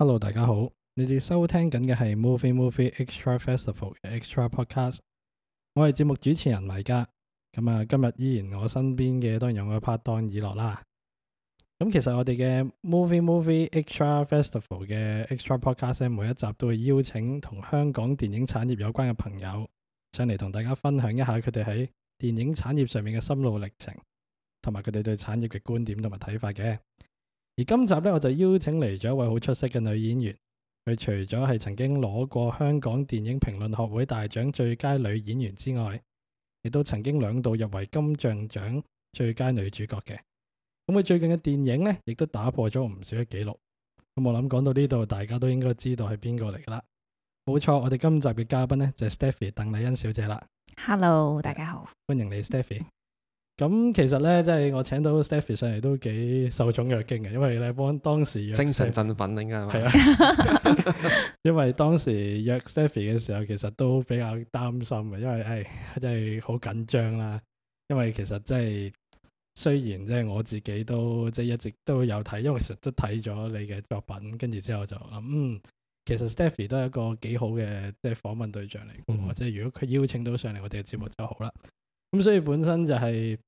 Hello，大家好，你哋收聽緊嘅係 Movie Movie Extra Festival 嘅 Extra Podcast，我係節目主持人米迦，咁啊，今日依然我身邊嘅當然有我嘅拍檔以樂啦。咁其實我哋嘅 Movie Movie Extra Festival 嘅 Extra Podcast，每一集都會邀請同香港電影產業有關嘅朋友上嚟同大家分享一下佢哋喺電影產業上面嘅心路歷程，同埋佢哋對產業嘅觀點同埋睇法嘅。而今集咧，我就邀請嚟咗一位好出色嘅女演員。佢除咗係曾經攞過香港電影評論學會大獎最佳女演員之外，亦都曾經兩度入圍金像獎最佳女主角嘅。咁佢最近嘅電影呢，亦都打破咗唔少嘅紀錄。嗯，我諗講到呢度，大家都應該知道係邊個嚟噶啦。冇錯，我哋今集嘅嘉賓呢，就係 Stephy 鄧麗欣小姐啦。Hello，大家好，歡迎你，Stephy。Steph 咁其實咧，即、就、係、是、我請到 Stephy 上嚟都幾受寵若驚嘅，因為咧，當當時約精神振奮應該係咪係啊， 因為當時約 Stephy 嘅時候，其實都比較擔心嘅，因為誒即係好緊張啦。因為其實即、就、係、是、雖然即係我自己都即係、就是、一直都有睇，因為其實都睇咗你嘅作品，跟住之後就諗，嗯，其實 Stephy 都係一個幾好嘅即係訪問對象嚟嘅，或者、嗯、如果佢邀請到上嚟我哋嘅節目就好啦。咁所以本身就係、是。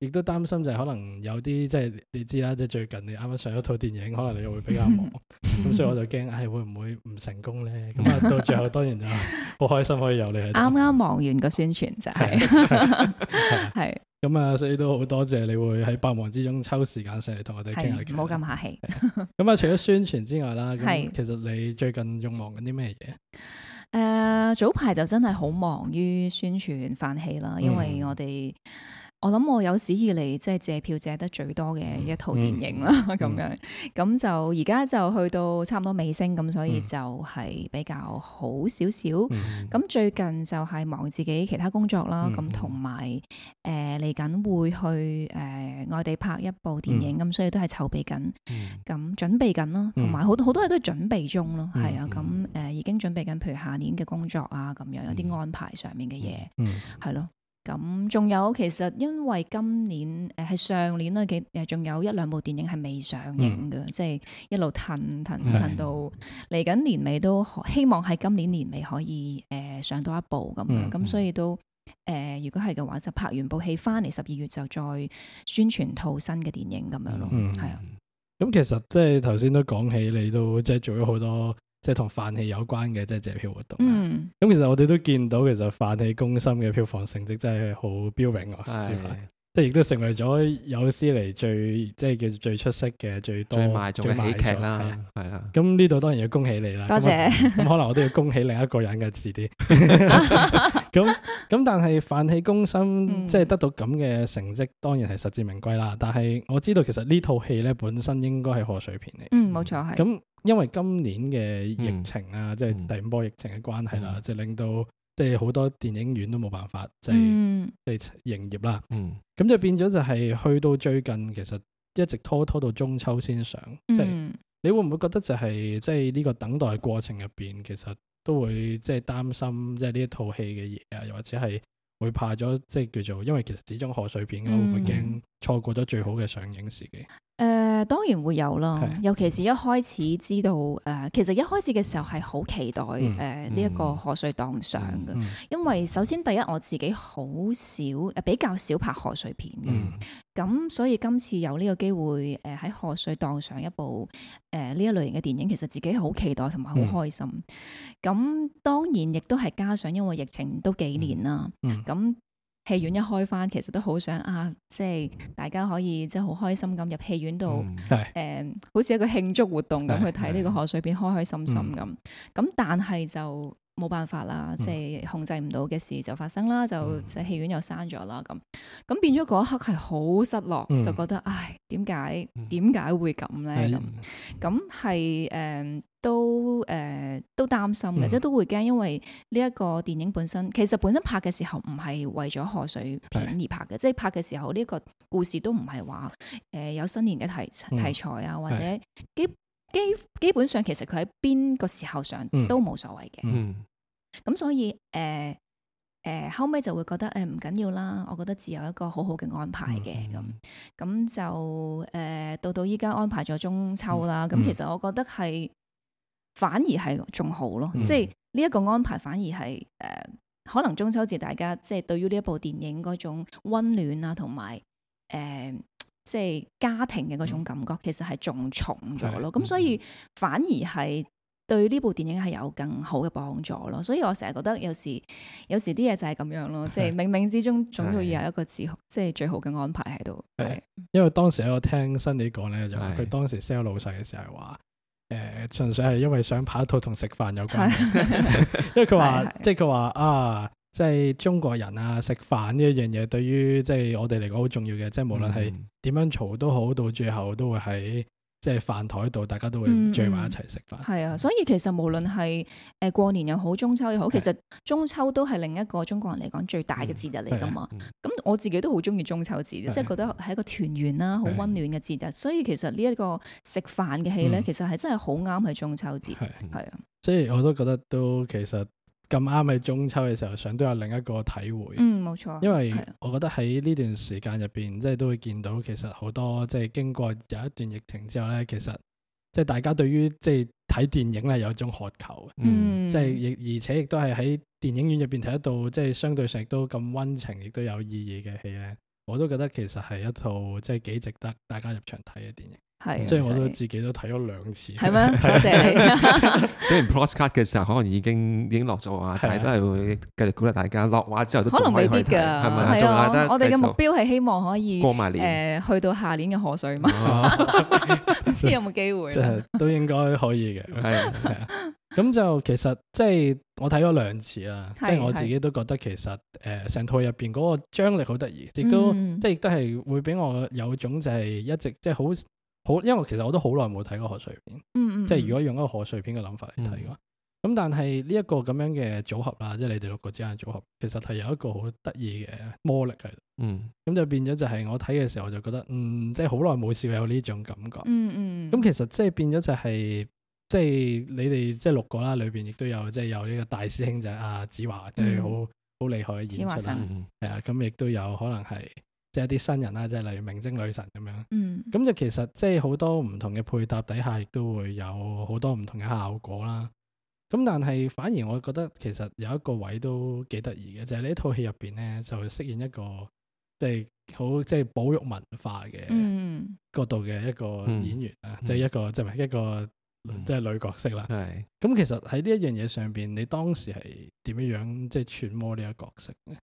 亦都擔心就係可能有啲即係你知啦，即係最近你啱啱上一套電影，可能你又會比較忙，咁所以我就驚係會唔會唔成功咧？咁啊，到最後當然就好開心可以有你。啱啱忙完個宣傳就係，係咁啊，所以都好多謝你會喺百忙之中抽時間上嚟，同我哋傾下偈。冇咁客氣。咁啊，除咗宣傳之外啦，咁其實你最近仲忙緊啲咩嘢？誒，早排就真係好忙於宣傳翻戲啦，因為我哋。我諗我有史以嚟即係借票借得最多嘅一套電影啦，咁、嗯、樣咁就而家就去到差唔多尾聲咁，所以就係比較好少少。咁、嗯、最近就係忙自己其他工作啦，咁同埋誒嚟緊會去誒、呃、外地拍一部電影，咁所以都係籌備緊，咁、嗯、準備緊咯，同埋好多好多嘢都係準備中咯，係啊，咁、呃、誒已經準備緊，譬如下年嘅工作啊，咁樣有啲安排上面嘅嘢，係咯。咁仲有，其實因為今年誒係上年啦，幾誒仲有一兩部電影係未上映嘅，嗯、即係一路騰騰騰到嚟緊的年尾都希望喺今年年尾可以誒、呃、上到一部咁樣，咁、嗯嗯、所以都誒、呃、如果係嘅話，就拍完部戲翻嚟十二月就再宣傳套新嘅電影咁樣咯，係啊、嗯。咁的、嗯、其實即係頭先都講起，你都即係做咗好多。即係同飯氣有關嘅，即係借票活動。咁、嗯嗯、其實我哋都見到，其實飯氣攻心嘅票房成績真係好彪炳㗎。是即係亦都成為咗有史以來最即係叫做最出色嘅最多最賣座嘅喜劇啦，係啦。咁呢度當然要恭喜你啦，多謝。咁可能我都要恭喜另一個人嘅遲啲。咁咁但係飯氣攻心，即係得到咁嘅成績，當然係實至名歸啦。但係我知道其實呢套戲咧本身應該係賀歲片嚟。嗯，冇錯係。咁因為今年嘅疫情啊，即係第五波疫情嘅關係啦，即係令到。即係好多電影院都冇辦法，就係、是，即係營業啦。咁、嗯、就變咗就係去到最近，其實一直拖拖到中秋先上。即係、嗯、你會唔會覺得就係、是，即係呢個等待過程入邊，其實都會即係擔心，即係呢一套戲嘅嘢啊，又或者係會怕咗，即、就、係、是、叫做，因為其實始終賀歲片，嗯、我唔會驚錯過咗最好嘅上映時機。嗯誒當然會有啦，的尤其是一開始知道誒、呃，其實一開始嘅時候係好期待誒呢一個賀歲檔上嘅，嗯嗯、因為首先第一我自己好少誒、呃、比較少拍賀歲片嘅，咁、嗯、所以今次有呢個機會誒喺、呃、賀歲檔上一部誒呢、呃、一類型嘅電影，其實自己好期待同埋好開心。咁、嗯、當然亦都係加上因為疫情都幾年啦，咁、嗯。嗯嗯嗯戲院一開返，其實都好想啊，即係大家可以即係好開心咁入戲院度，誒，好似一個慶祝活動咁的去睇呢個賀歲片，的開開心心咁。咁、嗯、但係就。冇辦法啦，嗯、即係控制唔到嘅事就發生啦，嗯、就即係戲院又閂咗啦咁，咁變咗嗰一刻係好失落，嗯、就覺得唉，點解點解會咁咧咁，咁係誒都誒、呃、都擔心嘅，嗯、即係都會驚，因為呢一個電影本身其實本身拍嘅時候唔係為咗賀歲片而拍嘅，即係、嗯、拍嘅時候呢個故事都唔係話誒有新年嘅題題材啊或者基、嗯。基基本上，其實佢喺邊個時候上都冇所謂嘅。咁、嗯、所以誒誒、呃呃、後尾就會覺得誒唔緊要啦。我覺得自有一個好好嘅安排嘅，咁咁就誒、呃、到到依家安排咗中秋啦。咁、嗯、其實我覺得係、嗯、反而係仲好咯。即係呢一個安排反而係誒、呃、可能中秋節大家即係、就是、對於呢一部電影嗰種温暖啊同埋誒。即係家庭嘅嗰種感覺，其實係仲重咗咯。咁所以反而係對呢部電影係有更好嘅幫助咯。所以我成日覺得有時有時啲嘢就係咁樣咯。是即係冥冥之中總會有一個自是最好即係最好嘅安排喺度。係因為當時我聽新理講咧，就係佢當時 sell 老細嘅時候話，誒、呃、純粹係因為想拍一套同食飯有關，是 因為佢話即係佢話啊。即係中國人啊，食飯呢一樣嘢，對於即係我哋嚟講好重要嘅。即係無論係點樣嘈都好，嗯、到最後都會喺即係飯台度，大家都會聚埋一齊食飯。係、嗯嗯、啊，所以其實無論係誒過年又好，中秋又好，啊、其實中秋都係另一個中國人嚟講最大嘅節日嚟噶嘛。咁、嗯啊嗯、我自己都好中意中秋節，啊、即係覺得係一個團圓啦，好溫暖嘅節日。啊、所以其實呢一個食飯嘅戲咧，嗯、其實係真係好啱喺中秋節。係啊，啊啊啊所以我都覺得都其實。咁啱喺中秋嘅時候想都有另一個體會，嗯，冇錯，因為是的 我覺得喺呢段時間入邊，即係都會見到其實好多即係經過有一段疫情之後咧，其實即係大家對於即係睇電影咧有一種渴求嘅，嗯、即係亦而且亦都係喺電影院入邊睇得到，即係相對上亦都咁溫情，亦都有意義嘅戲咧，我都覺得其實係一套即係幾值得大家入場睇嘅電影。係，即係我都自己都睇咗兩次。係咩？多謝你。雖然 podcast 嘅時候可能已經已經落咗畫，但係都係會繼續鼓勵大家落畫之後都。可能未必噶。係咪啊？我哋嘅目標係希望可以過埋年。誒，去到下年嘅賀歲嘛？唔知有冇機會咧？都應該可以嘅。係啊。咁就其實即係我睇咗兩次啦，即係我自己都覺得其實誒，成套入邊嗰個張力好得意，亦都即係亦都係會俾我有種就係一直即係好。好，因為其實我都好耐冇睇過賀歲片，嗯嗯即係如果用一個賀歲片嘅諗法嚟睇嘅話，咁、嗯、但係呢一個咁樣嘅組合啦，即、就、係、是、你哋六個之間嘅組合，其實係有一個好得意嘅魔力喺度。嗯，咁就變咗就係我睇嘅時候，我就覺得，嗯，即係好耐冇試過，有呢種感覺。嗯嗯。咁其實即係變咗就係、是、即、就、係、是、你哋即係六個啦，裏邊亦都有即係、就是、有呢個大師兄仔阿子華，即係好好厲害嘅演出啦。子華神。係啊，咁亦都有可能係。即係啲新人啦，即係例如明星女神咁樣。嗯，咁就其實即係好多唔同嘅配搭底下，亦都會有好多唔同嘅效果啦。咁但係反而我覺得其實有一個位都幾得意嘅，就係呢套戲入邊咧，就飾演一個即係好即係保育文化嘅角度嘅一個演員啊，即係、嗯、一個即係、嗯、一個即係、嗯、女角色啦。係、嗯。咁其實喺呢一樣嘢上邊，你當時係點樣樣即係揣摩呢一角色咧？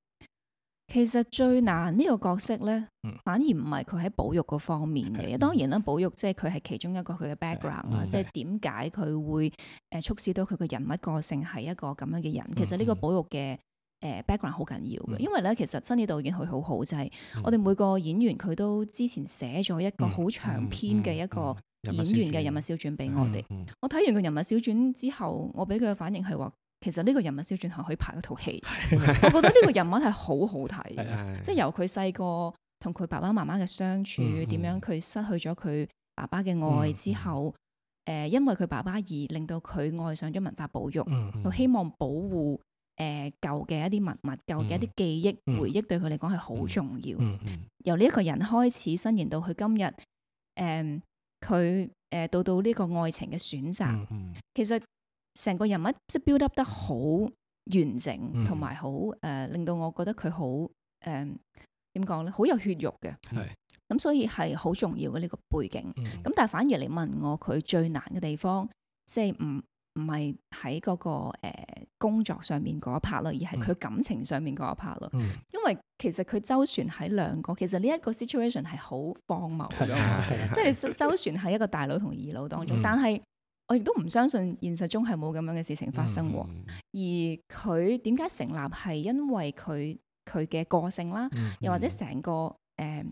其實最難呢個角色咧，嗯、反而唔係佢喺保育嗰方面嘅。當然啦，保育即係佢係其中一個佢嘅 background 啦。即係點解佢會誒促使到佢嘅人物個性係一個咁樣嘅人？其實呢個保育嘅誒 background 好緊要嘅。嗯、因為咧，其實新嘅導演佢好好就係、是，我哋每個演員佢都之前寫咗一個好長篇嘅一個演員嘅人物小傳俾我哋。我睇完個人物小傳之後，我俾佢嘅反應係話。其實呢個人物肖轉行可以拍嗰套戲， 我覺得呢個人物係好好睇，即係 的由佢細個同佢爸爸媽媽嘅相處，點、嗯嗯、樣佢失去咗佢爸爸嘅愛之後，誒、嗯嗯呃，因為佢爸爸而令到佢愛上咗文化保育，佢、嗯嗯嗯、希望保護誒舊嘅一啲文物、物、舊嘅一啲記憶、嗯嗯回憶，對佢嚟講係好重要。嗯嗯嗯由呢一個人開始，伸延到佢今日，誒、呃，佢誒到到呢個愛情嘅選擇，嗯嗯其實。成個人物即係 build up 得好完整，同埋好誒，令到我覺得佢好誒點講咧，好、呃、有血肉嘅。咁、嗯嗯、所以係好重要嘅呢個背景。咁、嗯、但係反而你問我佢最難嘅地方，即係唔唔係喺嗰個、呃、工作上面嗰一 part 咯，而係佢感情上面嗰一 part 咯。嗯、因為其實佢周旋喺兩個，其實呢一個 situation 係好荒謬，嗯、 即係周旋喺一個大佬同二佬當中，但係，我亦都唔相信現實中係冇咁樣嘅事情發生喎。嗯、而佢點解成立係因為佢佢嘅個性啦，嗯、又或者成個誒誒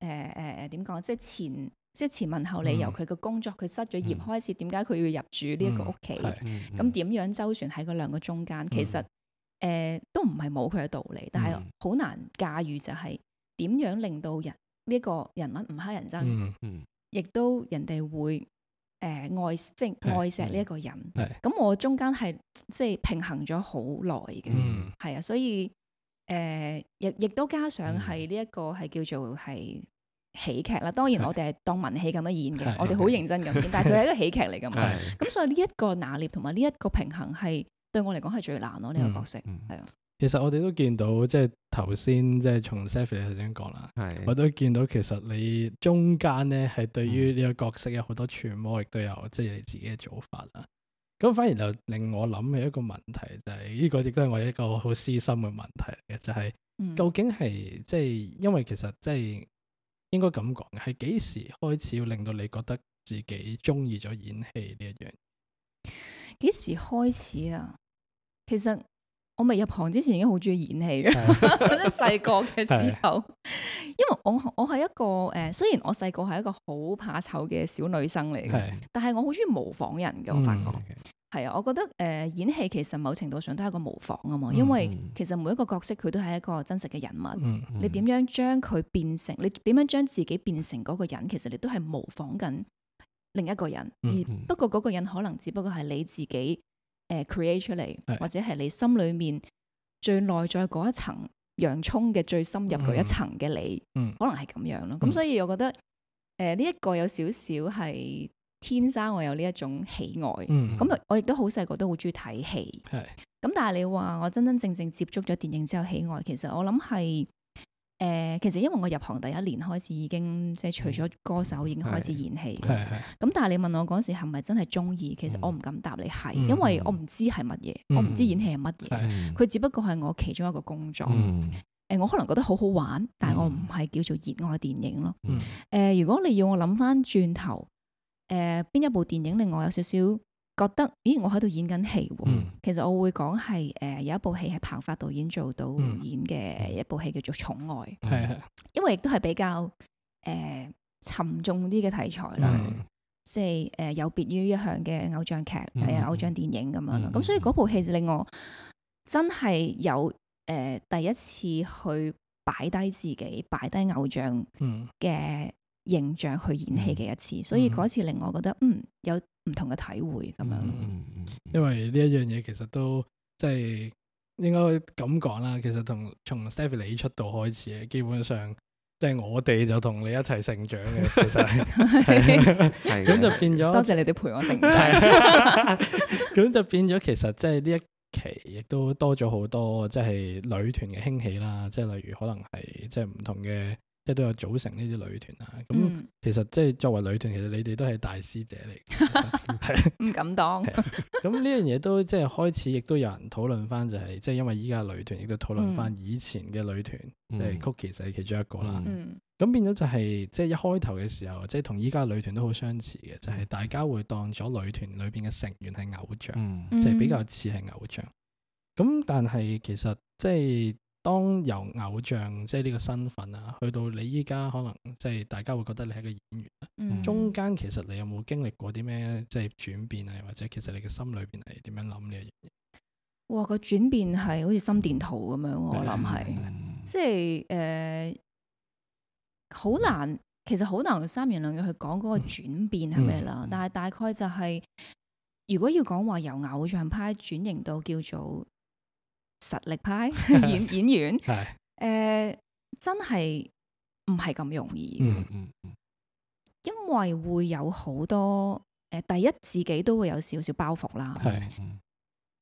誒誒點講？即係前即係前文後理由，佢嘅工作佢、嗯、失咗業開始，點解佢要入住呢一個屋企？咁點、嗯嗯、樣周旋喺佢兩個中間？嗯、其實誒、呃、都唔係冇佢嘅道理，嗯、但係好難駕馭，就係點樣令到人呢、呢個人物唔乞人憎，亦、嗯嗯、都人哋會。誒、呃，愛即係愛錫呢一個人，咁對我中間係即係平衡咗好耐嘅，係、嗯、啊，所以誒、呃、亦亦都加上係呢一個係叫做係喜劇啦。當然我哋係當文戲咁樣演嘅，對我哋好認真咁演，對但係佢係一個喜劇嚟㗎嘛，咁對所以呢一個拿捏同埋呢一個平衡係對我嚟講係最難咯呢對個角色，係啊。其實我哋都見到，即係頭先，即係從 Stephy 你頭先講啦，係我都見到，其實你中間咧係對於呢個角色有好多揣摩，亦都有即係你自己嘅做法啦。咁反而就令我諗起一個問題就係，呢個亦都係我一個好私心嘅問題嘅，就係究竟係即係因為其實即係應該咁講，係幾時開始要令到你覺得自己中意咗演戲呢一樣？幾時開始啊？其實。我未入行之前已經好中意演戲，即係細個嘅時候。對因為我我係一個誒，雖然我細個係一個好怕醜嘅小女生嚟嘅，對但係我好中意模仿人嘅。我發覺係啊，我覺得誒演戲其實某程度上都係一個模仿啊嘛。因為其實每一個角色佢都係一個真實嘅人物，嗯嗯、你點樣將佢變成，你點樣將自己變成嗰個人，其實你都係模仿緊另一個人。嗯嗯、而不過嗰個人可能只不過係你自己。誒、呃、create 出嚟，或者係你心裏面最內在嗰一層洋蔥嘅最深入嗰一層嘅你，嗯、可能係咁樣咯。咁、嗯、所以我覺得，誒呢一個有少少係天生我有呢一種喜愛，嗯，咁啊我亦都好細個都好中意睇戲，係、嗯。咁但係你話我真真正正接觸咗電影之後喜愛，其實我諗係。誒、呃，其實因為我入行第一年開始已經，即係除咗歌手已經開始演戲，咁但係你問我嗰時係咪真係鍾意？其實我唔敢答你係、嗯，因為我唔知係乜嘢，嗯、我唔知演戲係乜嘢。佢、嗯、只不過係我其中一個工作。誒、嗯呃，我可能覺得好好玩，但係我唔係叫做熱愛電影咯。誒、嗯呃，如果你要我諗返轉頭，誒、呃、邊一部電影令我有少少？覺得咦，我喺度演緊戲、哦，嗯、其實我會講係誒有一部戲係彭發導演做導演嘅一部戲叫做《寵愛》，係係、嗯，因為亦都係比較誒、呃、沉重啲嘅題材啦，即係誒有別於一向嘅偶像劇、呃、偶像電影咁樣咯。咁、嗯、所以嗰部戲令我真係有誒、呃、第一次去擺低自己，擺低偶像嘅。嗯嗯形象去演戲嘅一次，所以嗰次令我覺得嗯有唔同嘅體會咁樣。因為呢一樣嘢其實都即係應該咁講啦，其實同從 Stephy 你出道開始，基本上即係我哋就同你一齊成長嘅，其實係咁。就變咗多謝你哋陪我成長。咁就變咗，其實即係呢一期亦都多咗好多，即係女團嘅興起啦，即係例如可能係即係唔同嘅。即都有組成呢啲女團啊。咁、嗯、其實即係作為女團，其實你哋都係大師姐嚟，嘅 的，啊感，唔敢當。咁呢樣嘢都即係、就是、開始，亦都有人討論翻、就是，就係即係因為依家女團，亦都討論翻以前嘅女團，麗、嗯、曲奇其實係其中一個啦。咁、嗯、變咗就係即係一開頭嘅時候，即係同依家女團都好相似嘅，就係、是、大家會當咗女團裏邊嘅成員係偶像，即、嗯、就比較似係偶像。咁、嗯、但係其實即、就、係、是。當由偶像即係呢個身份啊，去到你依家可能即係大家會覺得你係一個演員，嗯、中間其實你有冇經歷過啲咩即係轉變啊？或者其實你嘅心裏邊係點樣諗呢？嘢哇，個轉變係好似心電圖咁樣，嗯、我諗係、嗯、即係誒，好、呃、難，其實好難用三言兩語去講嗰個轉變係咩啦。但係大概就係、是，如果要講話由偶像派轉型到叫做。實力派 演演員，誒 是、呃，真係唔係咁容易，嗯。嗯嗯，因為會有好多誒、呃，第一自己都會有少少包袱啦。係，嗯、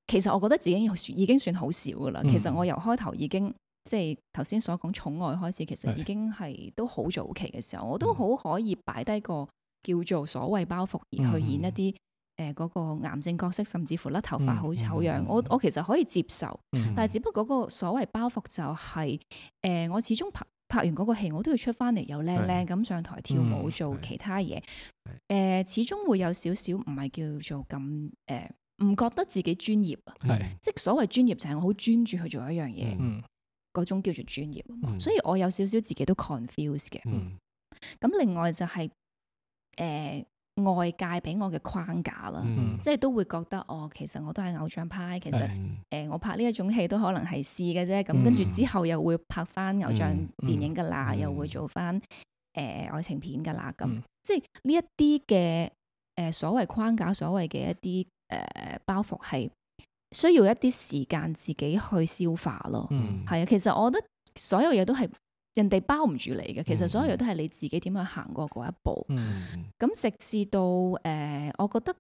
其實我覺得自己已經算好少噶啦。嗯、其實我由開頭已經即係頭先所講寵愛開始，其實已經係都好早期嘅時候，是我都好可以擺低個叫做所謂包袱，而去演一啲、嗯。嗯誒嗰個癌症角色，甚至乎甩頭髮好醜樣，我我其實可以接受，但係只不過嗰個所謂包袱就係誒，我始終拍拍完嗰個戲，我都要出翻嚟又靚靚咁上台跳舞做其他嘢，誒始終會有少少唔係叫做咁誒，唔覺得自己專業，即係所謂專業就係我好專注去做一樣嘢，嗰種叫做專業，所以我有少少自己都 confuse 嘅，咁另外就係誒。外界俾我嘅框架啦，嗯、即係都會覺得哦，其實我都係偶像派，其實誒、嗯呃，我拍呢一種戲都可能係試嘅啫。咁、嗯、跟住之後又會拍翻偶像電影噶啦，嗯嗯、又會做翻誒、呃、愛情片噶啦。咁、嗯、即係呢一啲嘅誒所謂框架，所謂嘅一啲誒、呃、包袱，係需要一啲時間自己去消化咯。係啊、嗯嗯，其實我覺得所有嘢都係。人哋包唔住你嘅，其實所有嘢都係你自己點去行過嗰一步。咁、嗯、直至到誒、呃，我覺得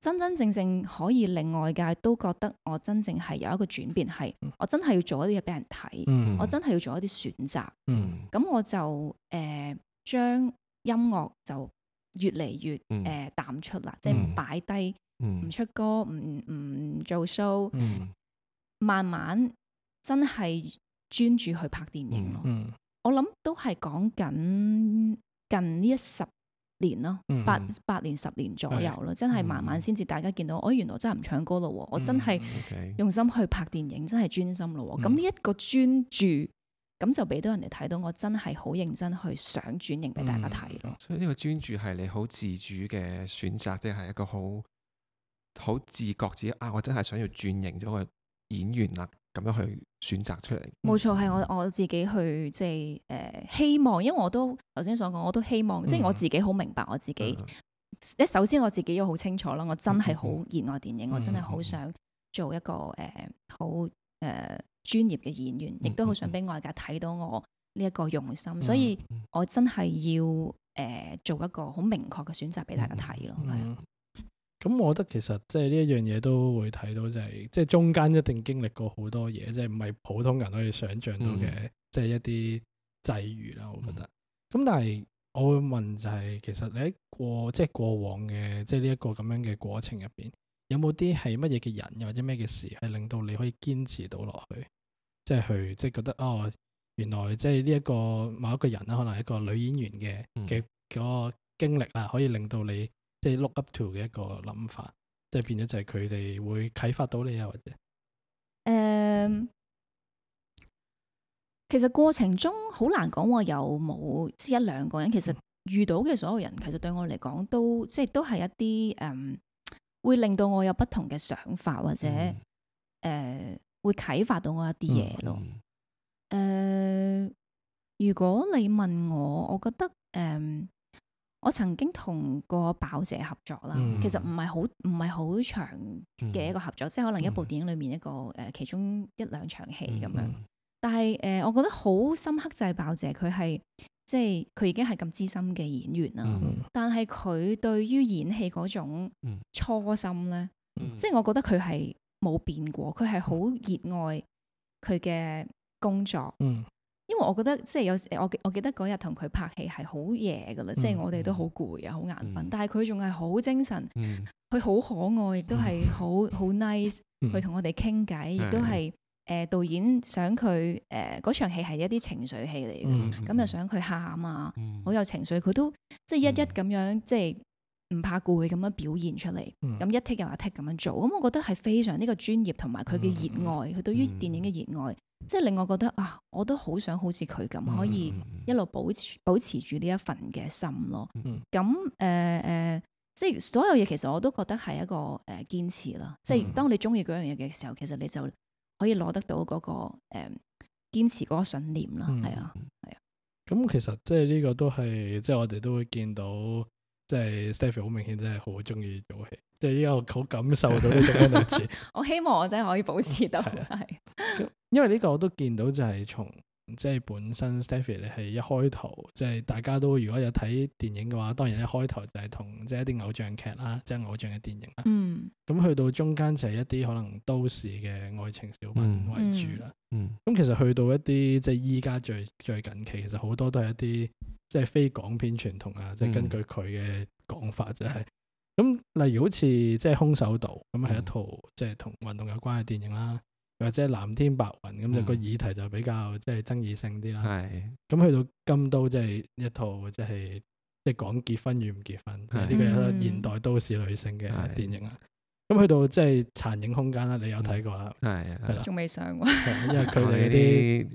真真正正可以令外界都覺得我真正係有一個轉變，係我真係要做一啲嘢俾人睇，嗯、我真係要做一啲選擇。咁、嗯、我就誒將、呃、音樂就越嚟越誒、呃、淡出啦，嗯、即係擺低唔出歌，唔唔做 show、嗯、慢慢真係專注去拍電影咯。嗯嗯我諗都係講緊近呢一十年咯，嗯、八八年十年左右咯，是真係慢慢先至大家見到，我、嗯哎、原來真係唔唱歌咯，嗯、我真係用心去拍電影，真係專心咯。咁呢一個專注，咁就俾到人哋睇到我真係好認真去想轉型俾大家睇咯、嗯。所以呢個專注係你好自主嘅選擇，即、就、係、是、一個好好自覺，自己啊，我真係想要轉型咗個演員啦。咁樣去選擇出嚟，冇錯，係我我自己去即係誒希望，因為我都頭先所講，我都希望，嗯、即係我自己好明白我自己。一、嗯、首先，我自己要好清楚啦，我真係好熱愛電影，嗯嗯、我真係好想做一個誒、呃、好誒、呃、專業嘅演員，嗯嗯、亦都好想俾外界睇到我呢一個用心，嗯嗯、所以我真係要誒、呃、做一個好明確嘅選擇俾大家睇咯。嗯嗯嗯咁，我覺得其實即係呢一樣嘢都會睇到，就係即係中間一定經歷過好多嘢，即係唔係普通人可以想象到嘅，即係一啲際遇啦。我覺得。咁、嗯、但係我會問就係、是，其實你喺過即係、就是、過往嘅即係呢一個咁樣嘅過程入邊，有冇啲係乜嘢嘅人又或者咩嘅事係令到你可以堅持到落去，即、就、係、是、去即係、就是、覺得哦，原來即係呢一個某一個人啦，可能係一個女演員嘅嘅嗰個經歷啦、啊，可以令到你。即係 look up to 嘅一個諗法，即係變咗就係佢哋會啟發到你啊，或者誒、呃，其實過程中好難講話有冇即、就是、一兩個人，其實遇到嘅所有人，其實對我嚟講都即係都係一啲誒、嗯，會令到我有不同嘅想法或者誒、嗯呃，會啟發到我一啲嘢咯。誒、嗯嗯呃，如果你問我，我覺得誒。嗯我曾經同過爆姐合作啦，其實唔係好唔係好長嘅一個合作，嗯、即係可能一部電影裏面一個誒、呃、其中一兩場戲咁樣。嗯嗯、但係誒、呃，我覺得好深刻就係爆姐，佢係即係佢已經係咁資深嘅演員啦。嗯、但係佢對於演戲嗰種初心咧，嗯嗯、即係我覺得佢係冇變過，佢係好熱愛佢嘅工作。嗯因為我覺得即係有時我我記得嗰日同佢拍戲係好夜㗎啦，即係我哋都好攰啊，好眼瞓，但係佢仲係好精神，佢好可愛，亦都係好好 nice，佢同我哋傾偈，亦都係誒導演想佢誒嗰場戲係一啲情緒戲嚟嘅，咁又想佢喊啊，好有情緒，佢都即係一一咁樣即係唔怕攰咁樣表現出嚟，咁一 take 又一 take 咁樣做，咁我覺得係非常呢個專業同埋佢嘅熱愛，佢對於電影嘅熱愛。即係令我覺得啊，我都好想好似佢咁，可以一路保持保持住呢一份嘅心咯。咁誒誒，即係所有嘢，其實我都覺得係一個誒堅持啦。嗯、即係當你中意嗰樣嘢嘅時候，其實你就可以攞得到嗰、嗰個誒、呃、堅持嗰個信念啦。係、嗯、啊，係啊。咁、嗯、其實即係呢個都係，即、就、係、是、我哋都會見到。即係 Stephy 好明顯真，真係好中意做戲，即係依個好感受到呢種類似。我希望我真係可以保持到。係啊，係。因為呢個我都見到，就係從。即係本身 Stephy 你係一開頭，即、就、係、是、大家都如果有睇電影嘅話，當然一開頭就係同即係一啲偶像劇啦，即係偶像嘅電影啦。嗯。咁去到中間就係一啲可能都市嘅愛情小品為主啦。嗯。咁、嗯、其實去到一啲即係依家最最近期，其實好多都係一啲即係非港片傳統啊，即係、嗯、根據佢嘅講法就係、是，咁例如好似即係空手道，咁係一套、嗯、即係同運動有關嘅電影啦。或者藍天白雲咁，就個議題就比較即係爭議性啲啦。係咁去到金都，即係一套即係即係講結婚與唔結婚呢個現代都市女性嘅電影啊。咁去到即係殘影空間啦，你有睇過啦？係係啦，仲未上。因為佢哋啲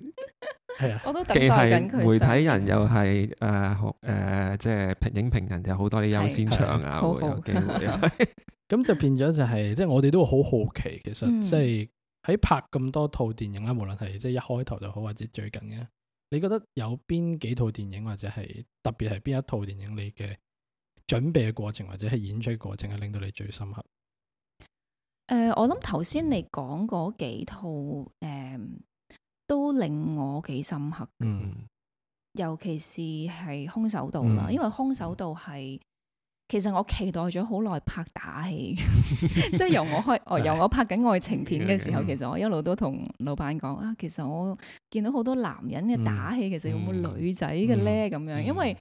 係啊，既係媒體人又係誒，學誒即係影評人，有好多啲優先場啊，會有機會。咁就變咗就係，即係我哋都會好好奇，其實即係。喺拍咁多套電影啦，無論係即係一開頭就好，或者最近嘅，你覺得有邊幾套電影或者係特別係邊一套電影你嘅準備嘅過程或者係演出過程，係令到你最深刻？誒、呃，我諗頭先你講嗰幾套誒、呃，都令我幾深刻嘅，嗯、尤其是係空手道啦，嗯、因為空手道係。其實我期待咗好耐拍打戲， 即係由我開，哦由我拍緊愛情片嘅時候， 其實我一路都同老闆講啊，其實我見到好多男人嘅打戲，其實有冇女仔嘅咧咁樣？因為誒、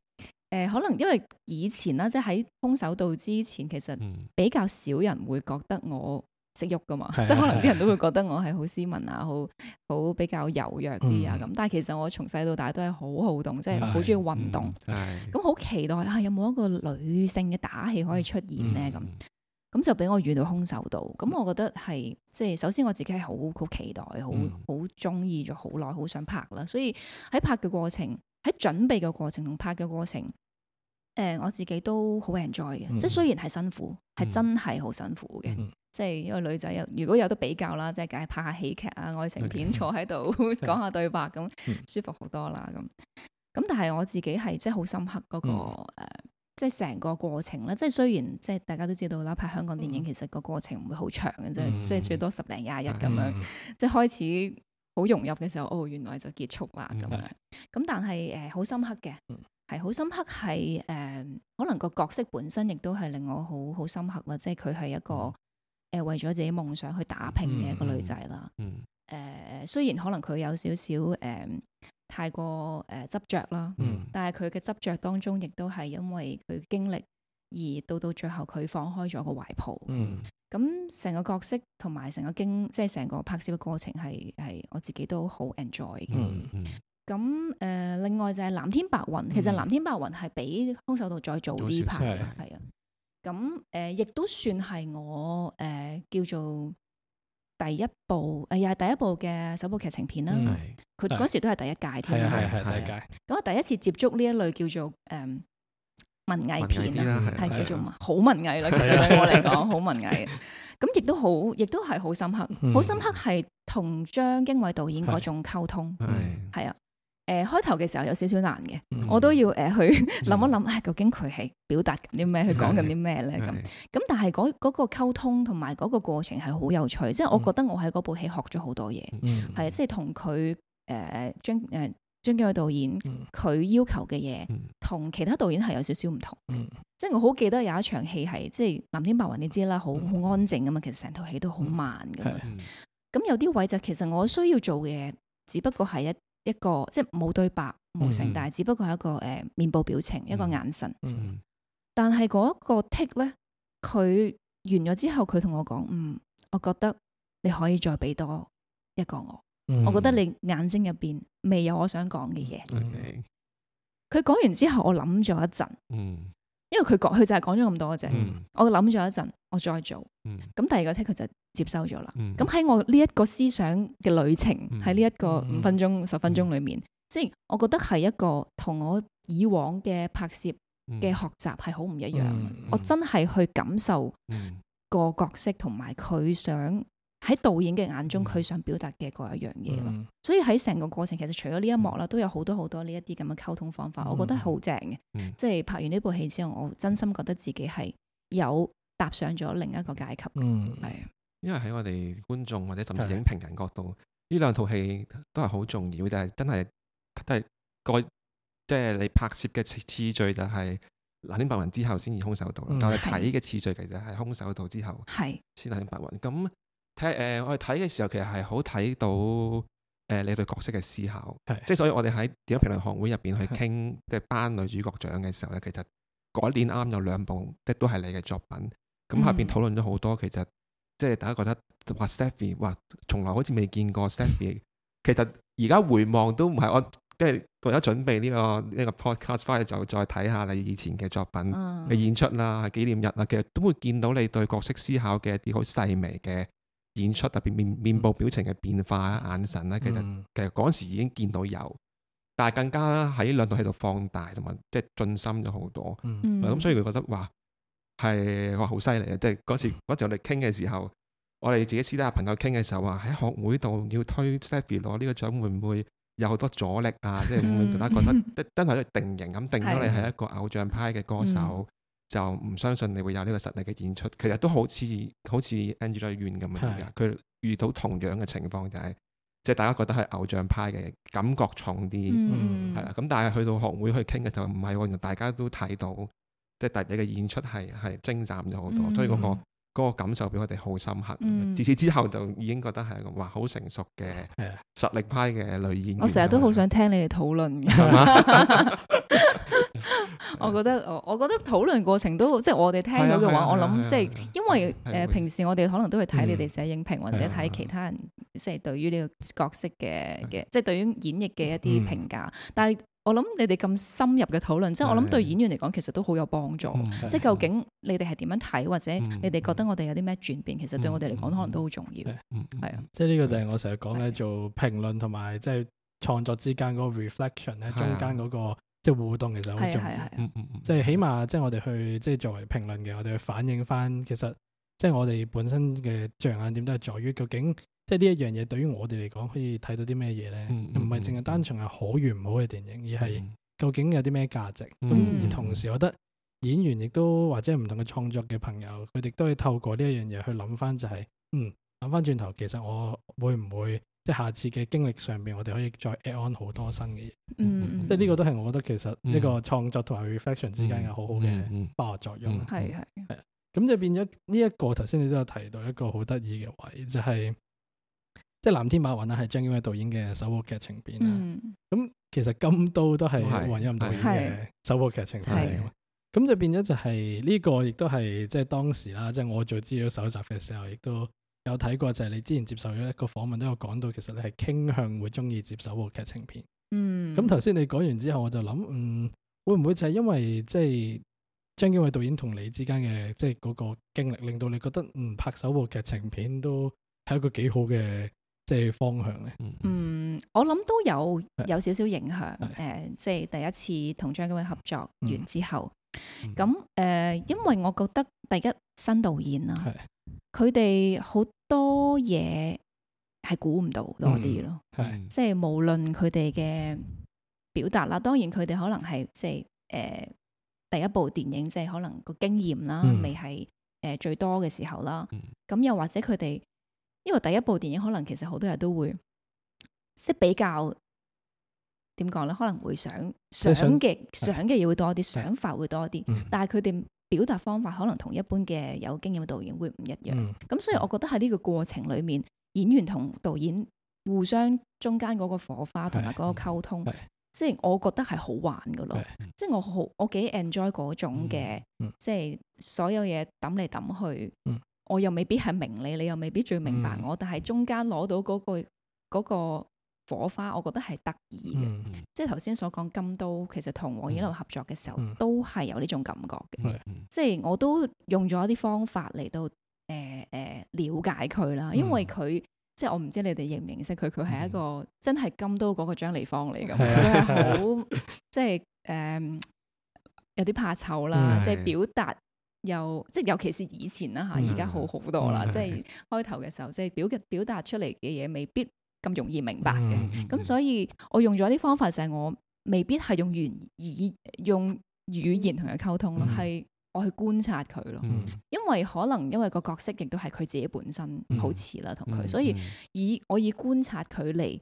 呃，可能因為以前啦，即係喺《空手道》之前，其實比較少人會覺得我識喐噶嘛，即係 可能啲人都會覺得我係好斯文啊， 好好比較柔弱啲啊咁。嗯、但係其實我從細到大都係好好動，嗯、即係好中意運動。咁好、嗯嗯、期待啊！有冇一個女性嘅打戲可以出現呢？咁咁、嗯、就俾我遇到空手道。咁、嗯、我覺得係即係首先我自己係好好期待，好好中意咗好耐，好、嗯、想拍啦。所以喺拍嘅過程，喺準備嘅過程同拍嘅過程。誒，我自己都好 enjoy 嘅，即係雖然係辛苦，係真係好辛苦嘅。即係因為女仔，如果有得比較啦，即係梗係拍下喜劇啊、愛情片，坐喺度講下對白咁，舒服好多啦咁。咁但係我自己係即係好深刻嗰個誒，即係成個過程啦。即係雖然即係大家都知道啦，拍香港電影其實個過程唔會好長嘅啫，即係最多十零廿日咁樣。即係開始好融入嘅時候，哦，原來就結束啦咁樣。咁但係誒，好深刻嘅。係好深刻，係、呃、誒，可能個角色本身亦都係令我好好深刻啦。即係佢係一個誒、嗯呃，為咗自己夢想去打拼嘅一個女仔啦。誒、嗯嗯呃，雖然可能佢有少少誒太過誒執着啦，但係佢嘅執着當中，亦都係因為佢經歷，而到到最後佢放開咗個懷抱。咁成、嗯嗯、個角色同埋成個經，即係成個拍攝嘅過程，係係我自己都好 enjoy 嘅。嗯嗯嗯咁誒，另外就係藍天白雲，其實藍天白雲係比空手道再早啲拍嘅，啊。咁誒，亦都算係我誒叫做第一部，誒又係第一部嘅首部劇情片啦。佢嗰時都係第一屆添啊，係係第一屆。咁我第一次接觸呢一類叫做誒文藝片啊，係叫做好文藝啦。其實對我嚟講好文藝，咁亦都好，亦都係好深刻，好深刻係同張經緯導演嗰種溝通，係啊。誒，開頭嘅時候有少少難嘅，我都要誒去諗一諗，誒究竟佢係表達緊啲咩，佢講緊啲咩咧？咁咁，但係嗰嗰個溝通同埋嗰個過程係好有趣，即係我覺得我喺嗰部戲學咗好多嘢，係即係同佢誒張誒張經緯導演佢要求嘅嘢，同其他導演係有少少唔同。即係我好記得有一場戲係即係藍天白雲，你知啦，好好安靜㗎嘛，其實成套戲都好慢嘅。咁有啲位就其實我需要做嘅只不過係一。一個即係冇對白、冇成但係、mm hmm. 只不過係一個誒、呃、面部表情、一個眼神。Mm hmm. 但係嗰個 take 咧，佢完咗之後，佢同我講：嗯，我覺得你可以再俾多一個我。Mm hmm. 我覺得你眼睛入邊未有我想講嘅嘢。佢講、mm hmm. 完之後，我諗咗一陣。因為佢講，佢就係講咗咁多啫。Mm hmm. 我諗咗一陣。我再做，咁第二個 take 就接收咗啦。咁喺、嗯、我呢一個思想嘅旅程，喺呢一個五分鐘、十分鐘裏面，嗯、即係我覺得係一個同我以往嘅拍攝嘅學習係好唔一樣。嗯、我真係去感受個角色同埋佢想喺導演嘅眼中佢想表達嘅嗰一樣嘢咯。嗯嗯、所以喺成個過程，其實除咗呢一幕啦，都有好多好多呢一啲咁嘅溝通方法，我覺得好正嘅。嗯嗯、即係拍完呢部戲之後，我真心覺得自己係有。踏上咗另一個階級嘅，係，因為喺我哋觀眾或者甚至影評人角度，呢兩套戲都係好重要，就係真係都係改，即係你拍攝嘅次序就係藍天白雲之後先至空手道，但我哋睇嘅次序其實係空手道之後，係先藍天白雲。咁睇誒，我哋睇嘅時候其實係好睇到誒你對角色嘅思考，即係所以我哋喺點評論學會入邊去傾，即係頒女主角獎嘅時候咧，其實嗰一年啱有兩部，即都係你嘅作品。咁、嗯、下邊討論咗好多，其實即係大家覺得話 Stephy，哇從來好似未見過 Stephy。其實而家回望都唔係我，即係為咗準備呢、這個呢、這個 podcast 就再睇下你以前嘅作品、嘅演出啦、嗯、紀念日啊，其實都會見到你對角色思考嘅一啲好細微嘅演出，特別面面部表情嘅變化啊、嗯、眼神啦，其實其實嗰時已經見到有，但係更加喺兩度喺度放大同埋即係進深咗好多。咁、嗯嗯、所以佢覺得話。係哇好犀利啊！即係嗰次嗰陣我哋傾嘅時候，我哋自己私底下朋友傾嘅時候啊，喺學會度要推 Stephy 攞呢個獎，會唔會有好多阻力啊？即係大家覺得真係、嗯、定型咁，定咗你係一個偶像派嘅歌手，的就唔相信你會有呢個實力嘅演出。嗯、其實都好似好似 Angela Yuen 咁樣，佢遇到同樣嘅情況、就是，就係即係大家覺得係偶像派嘅感覺重啲，係啦、嗯。咁但係去到學會去傾嘅時候，唔係話，大家都睇到。即係第日嘅演出係係精湛咗好多，所以嗰個嗰個感受俾我哋好深刻。自此之後就已經覺得係一個哇，好成熟嘅實力派嘅女演員。我成日都好想聽你哋討論嘅。我覺得我我覺得討論過程都即係我哋聽到嘅話，我諗即係因為誒平時我哋可能都會睇你哋寫影評，或者睇其他人即係對於呢個角色嘅嘅，即係對於演繹嘅一啲評價，但係。我諗你哋咁深入嘅討論，即係我諗對演員嚟講，其實都好有幫助。即係究竟你哋係點樣睇，或者你哋覺得我哋有啲咩轉變，其實對我哋嚟講，可能都好重要。係啊，即係呢個就係我成日講嘅做評論同埋即係創作之間嗰個 reflection 咧，中間嗰個即係互動其實好重要。嗯嗯，即係起碼即係我哋去即係作為評論嘅，我哋去反映翻，其實即係我哋本身嘅着眼點都係在於究竟。即係呢一樣嘢，對於我哋嚟講，可以睇到啲咩嘢咧？唔係淨係單純係好與唔好嘅電影，嗯、而係究竟有啲咩價值。咁而、嗯、同時，我覺得演員亦都或者唔同嘅創作嘅朋友，佢哋都可以透過呢一樣嘢去諗翻、就是，就係嗯諗翻轉頭，其實我會唔會即係下次嘅經歷上邊，我哋可以再 add on 好多新嘅嘢。嗯，嗯即係呢個都係我覺得其實一個創作同埋 reflection 之間嘅好好嘅化學作用。係係係，咁就變咗呢一個頭先你都有提到一個好得意嘅位，就係、是。即係藍天白雲啊，係張經緯導演嘅首部劇情片啊。咁、嗯、其實金都都係黃一鳴導演嘅首部劇情片。嚟嘛、嗯，咁的就變咗就係呢個，亦都係即係當時啦，即、就、係、是、我做資料搜集嘅時候，亦都有睇過。就係你之前接受咗一個訪問都有講到，其實你係傾向會中意接首部劇情片。嗯。咁頭先你講完之後，我就諗，嗯，會唔會就係因為即係張經緯導演同你之間嘅即係嗰個經歷，令到你覺得，嗯，拍首部劇情片都係一個幾好嘅。即係方向咧，嗯，我諗都有是的 有少少影響。誒是的、呃，即係第一次同張經緯合作完之後，咁誒是的、呃，因為我覺得第一新導演啦、啊，佢哋好多嘢係估唔到多啲咯，係即係無論佢哋嘅表達啦，當然佢哋可能係即係誒、呃、第一部電影，即係可能個經驗啦，未係誒、呃、最多嘅時候啦，咁、嗯嗯、又或者佢哋。因為第一部電影可能其實好多人都會即比較點講咧？可能會想想嘅想嘅嘢會多啲，是想法會多啲，嗯、但係佢哋表達方法可能同一般嘅有經驗嘅導演會唔一樣。咁、嗯、所以我覺得喺呢個過程裏面，是演員同導演互相中間嗰個火花同埋嗰個溝通，即係、嗯、我覺得係好玩噶咯。即係、嗯、我好我幾 enjoy 嗰種嘅，即係所有嘢揼嚟揼去。嗯嗯嗯嗯我又未必係明你，你又未必最明白我。嗯、但係中間攞到嗰、嗰個嗰、嗰個火花，我覺得係得意嘅。嗯嗯、即係頭先所講金都，其實同黃綺琳合作嘅時候，嗯、都係有呢種感覺嘅。嗯、即係我都用咗一啲方法嚟到誒誒了解佢啦。因為佢即係我唔知你哋認唔認識佢，佢係一個、嗯、真係金都嗰個張利芳嚟嘅，佢係好即係誒有啲怕醜啦，即係、嗯就是、表達。又即係尤其是以前啦嚇，而家好好多啦。即係開頭嘅時候，即、就、係、是、表嘅表達出嚟嘅嘢未必咁容易明白嘅。咁、嗯嗯、所以我用咗啲方法就係、是、我未必係用言語用語言同佢溝通咯，係、嗯、我去觀察佢咯。嗯、因為可能因為個角色亦都係佢自己本身好似、嗯、啦，同佢，嗯嗯、所以以我以觀察佢嚟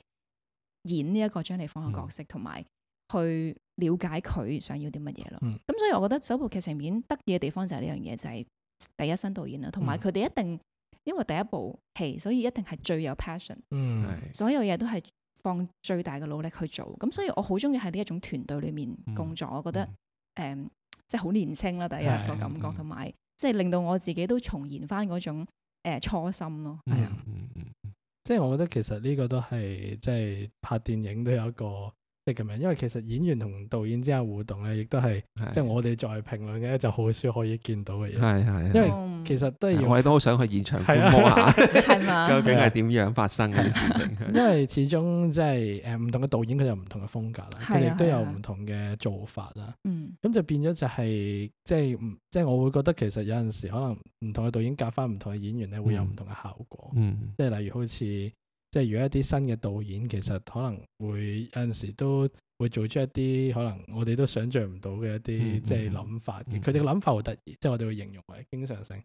演呢一個張利芳嘅角色同埋。嗯去了解佢想要啲乜嘢咯，咁、嗯、所以我覺得首部劇情片得意嘅地方就係呢樣嘢，就係、是、第一新導演啦，同埋佢哋一定、嗯、因為第一部戲，所以一定係最有 passion，、嗯、所有嘢都係放最大嘅努力去做，咁所以我好中意喺呢一種團隊裏面工作，嗯、我覺得誒、嗯嗯、即係好年輕啦，第一個感覺，同埋即係令到我自己都重燃翻嗰種誒、呃、初心咯，係啊、嗯嗯嗯，即係我覺得其實呢個都係即係拍電影都有一個。咁樣，因為其實演員同導演之間互動咧，亦都係即係我哋作為評論嘅就好少可以見到嘅嘢。係係，因為其實都係要我哋都好想去現場觀摩下，係究竟係點樣發生呢啲事情？因為始終即係誒唔同嘅導演佢有唔同嘅風格啦，佢亦都有唔同嘅做法啦。嗯，咁就變咗就係即係即係我會覺得其實有陣時可能唔同嘅導演夾翻唔同嘅演員咧會有唔同嘅效果。嗯，即係例如好似。即係如果一啲新嘅導演，其實可能會有陣時都會做出一啲可能我哋都想像唔到嘅一啲、嗯、即係諗法。佢哋嘅諗法好得意，嗯、即係我哋會形容為經常性。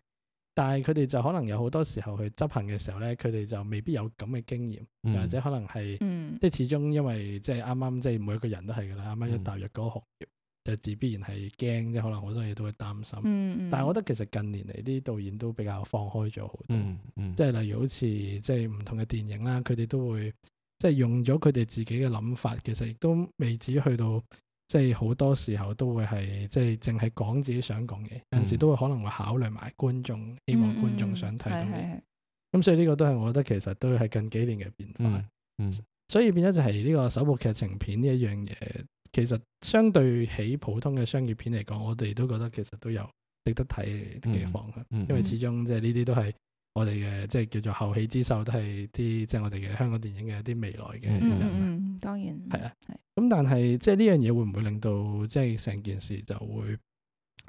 但係佢哋就可能有好多時候去執行嘅時候咧，佢哋就未必有咁嘅經驗，或者可能係、嗯、即係始終因為即係啱啱即係每一個人都係㗎喇，啱啱一踏入嗰個行業。嗯嗯就自必然係驚，即係可能好多嘢都會擔心。嗯，嗯，但係我覺得其實近年嚟啲導演都比較放開咗好多。嗯嗯，即係例如好似即係唔同嘅電影啦，佢哋都會即係用咗佢哋自己嘅諗法，其實亦都未至於去到即係好多時候都會係即係淨係講自己想講嘢，嗯、有時都會可能會考慮埋觀眾，希望觀眾想睇到嘅，嗯嗯。咁，嗯嗯、所以呢個都係我覺得其實都係近幾年嘅變化。嗯。嗯所以變咗就係呢個首部劇情片呢一樣嘢。其實相對起普通嘅商業片嚟講，我哋都覺得其實都有值得睇嘅方向，嗯嗯、因為始終即係呢啲都係我哋嘅即係叫做後起之秀，都係啲即係我哋嘅香港電影嘅一啲未來嘅、嗯。嗯，當然係啦。係咁，但係即係呢樣嘢會唔會令到即係成件事就會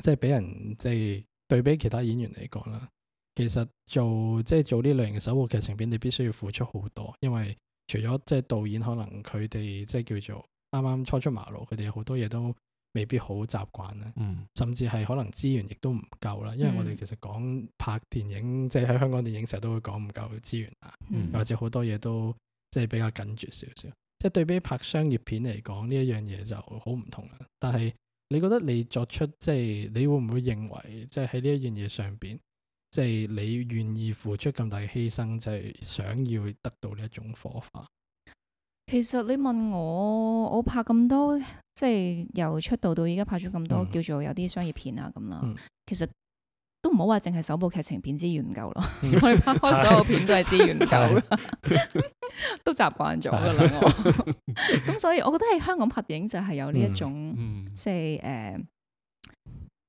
即係俾人即係、即係、對比其他演員嚟講啦？其實做即係、即係、做呢類型嘅守護劇情片，你必須要付出好多，因為除咗即係導演可能佢哋即係叫做。啱啱初出茅廬，佢哋好多嘢都未必好習慣咧，嗯、甚至係可能資源亦都唔夠啦。因為我哋其實講拍電影，即係喺香港電影成日都會講唔夠資源啦，嗯、或者好多嘢都即係比較緊絀少少。即係、嗯、對比拍商業片嚟講，呢一樣嘢就好唔同啦。但係你覺得你作出即係、就是、你會唔會認為，即係喺呢一樣嘢上邊，即、就、係、是、你願意付出咁大嘅犧牲，就係、是、想要得到呢一種火花？其實你問我，我拍咁多，即係由出道到而家拍咗咁多，叫做有啲商業片啊咁啦。嗯、其實都唔好話淨係首部劇情片資源唔夠咯。嗯、 我哋拍開所有片都係資源唔夠啦，嗯嗯、 都習慣咗噶啦。咁、嗯、 所以我覺得喺香港拍影就係有呢一種，即係誒，嗯就是 uh,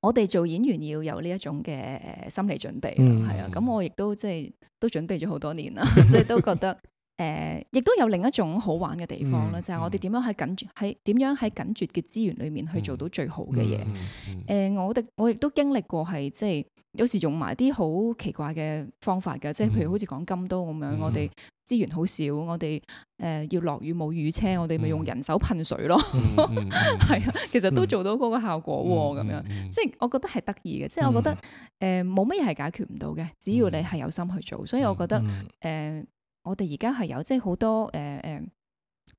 我哋做演員要有呢一種嘅心理準備，係啊、嗯。咁、嗯、我亦都即係都準備咗好多年啦，即係都覺得。誒，亦、呃、都有另一種好玩嘅地方咧，嗯、就係我哋點樣喺緊絀喺點樣喺緊絀嘅資源裏面去做到最好嘅嘢。誒、嗯嗯呃，我哋我亦都經歷過係，即係有時用埋啲好奇怪嘅方法嘅，即係譬如好似講金都咁樣，嗯、我哋資源好少，我哋誒、呃、要落雨冇雨車，我哋咪用人手噴水咯，係啊，其實都做到嗰個效果咁樣，嗯嗯嗯、即係我覺得係得意嘅，嗯、即係我覺得誒冇乜嘢係解決唔到嘅，只要你係有心去做，所以我覺得誒。呃我哋而家係有即係好多誒誒，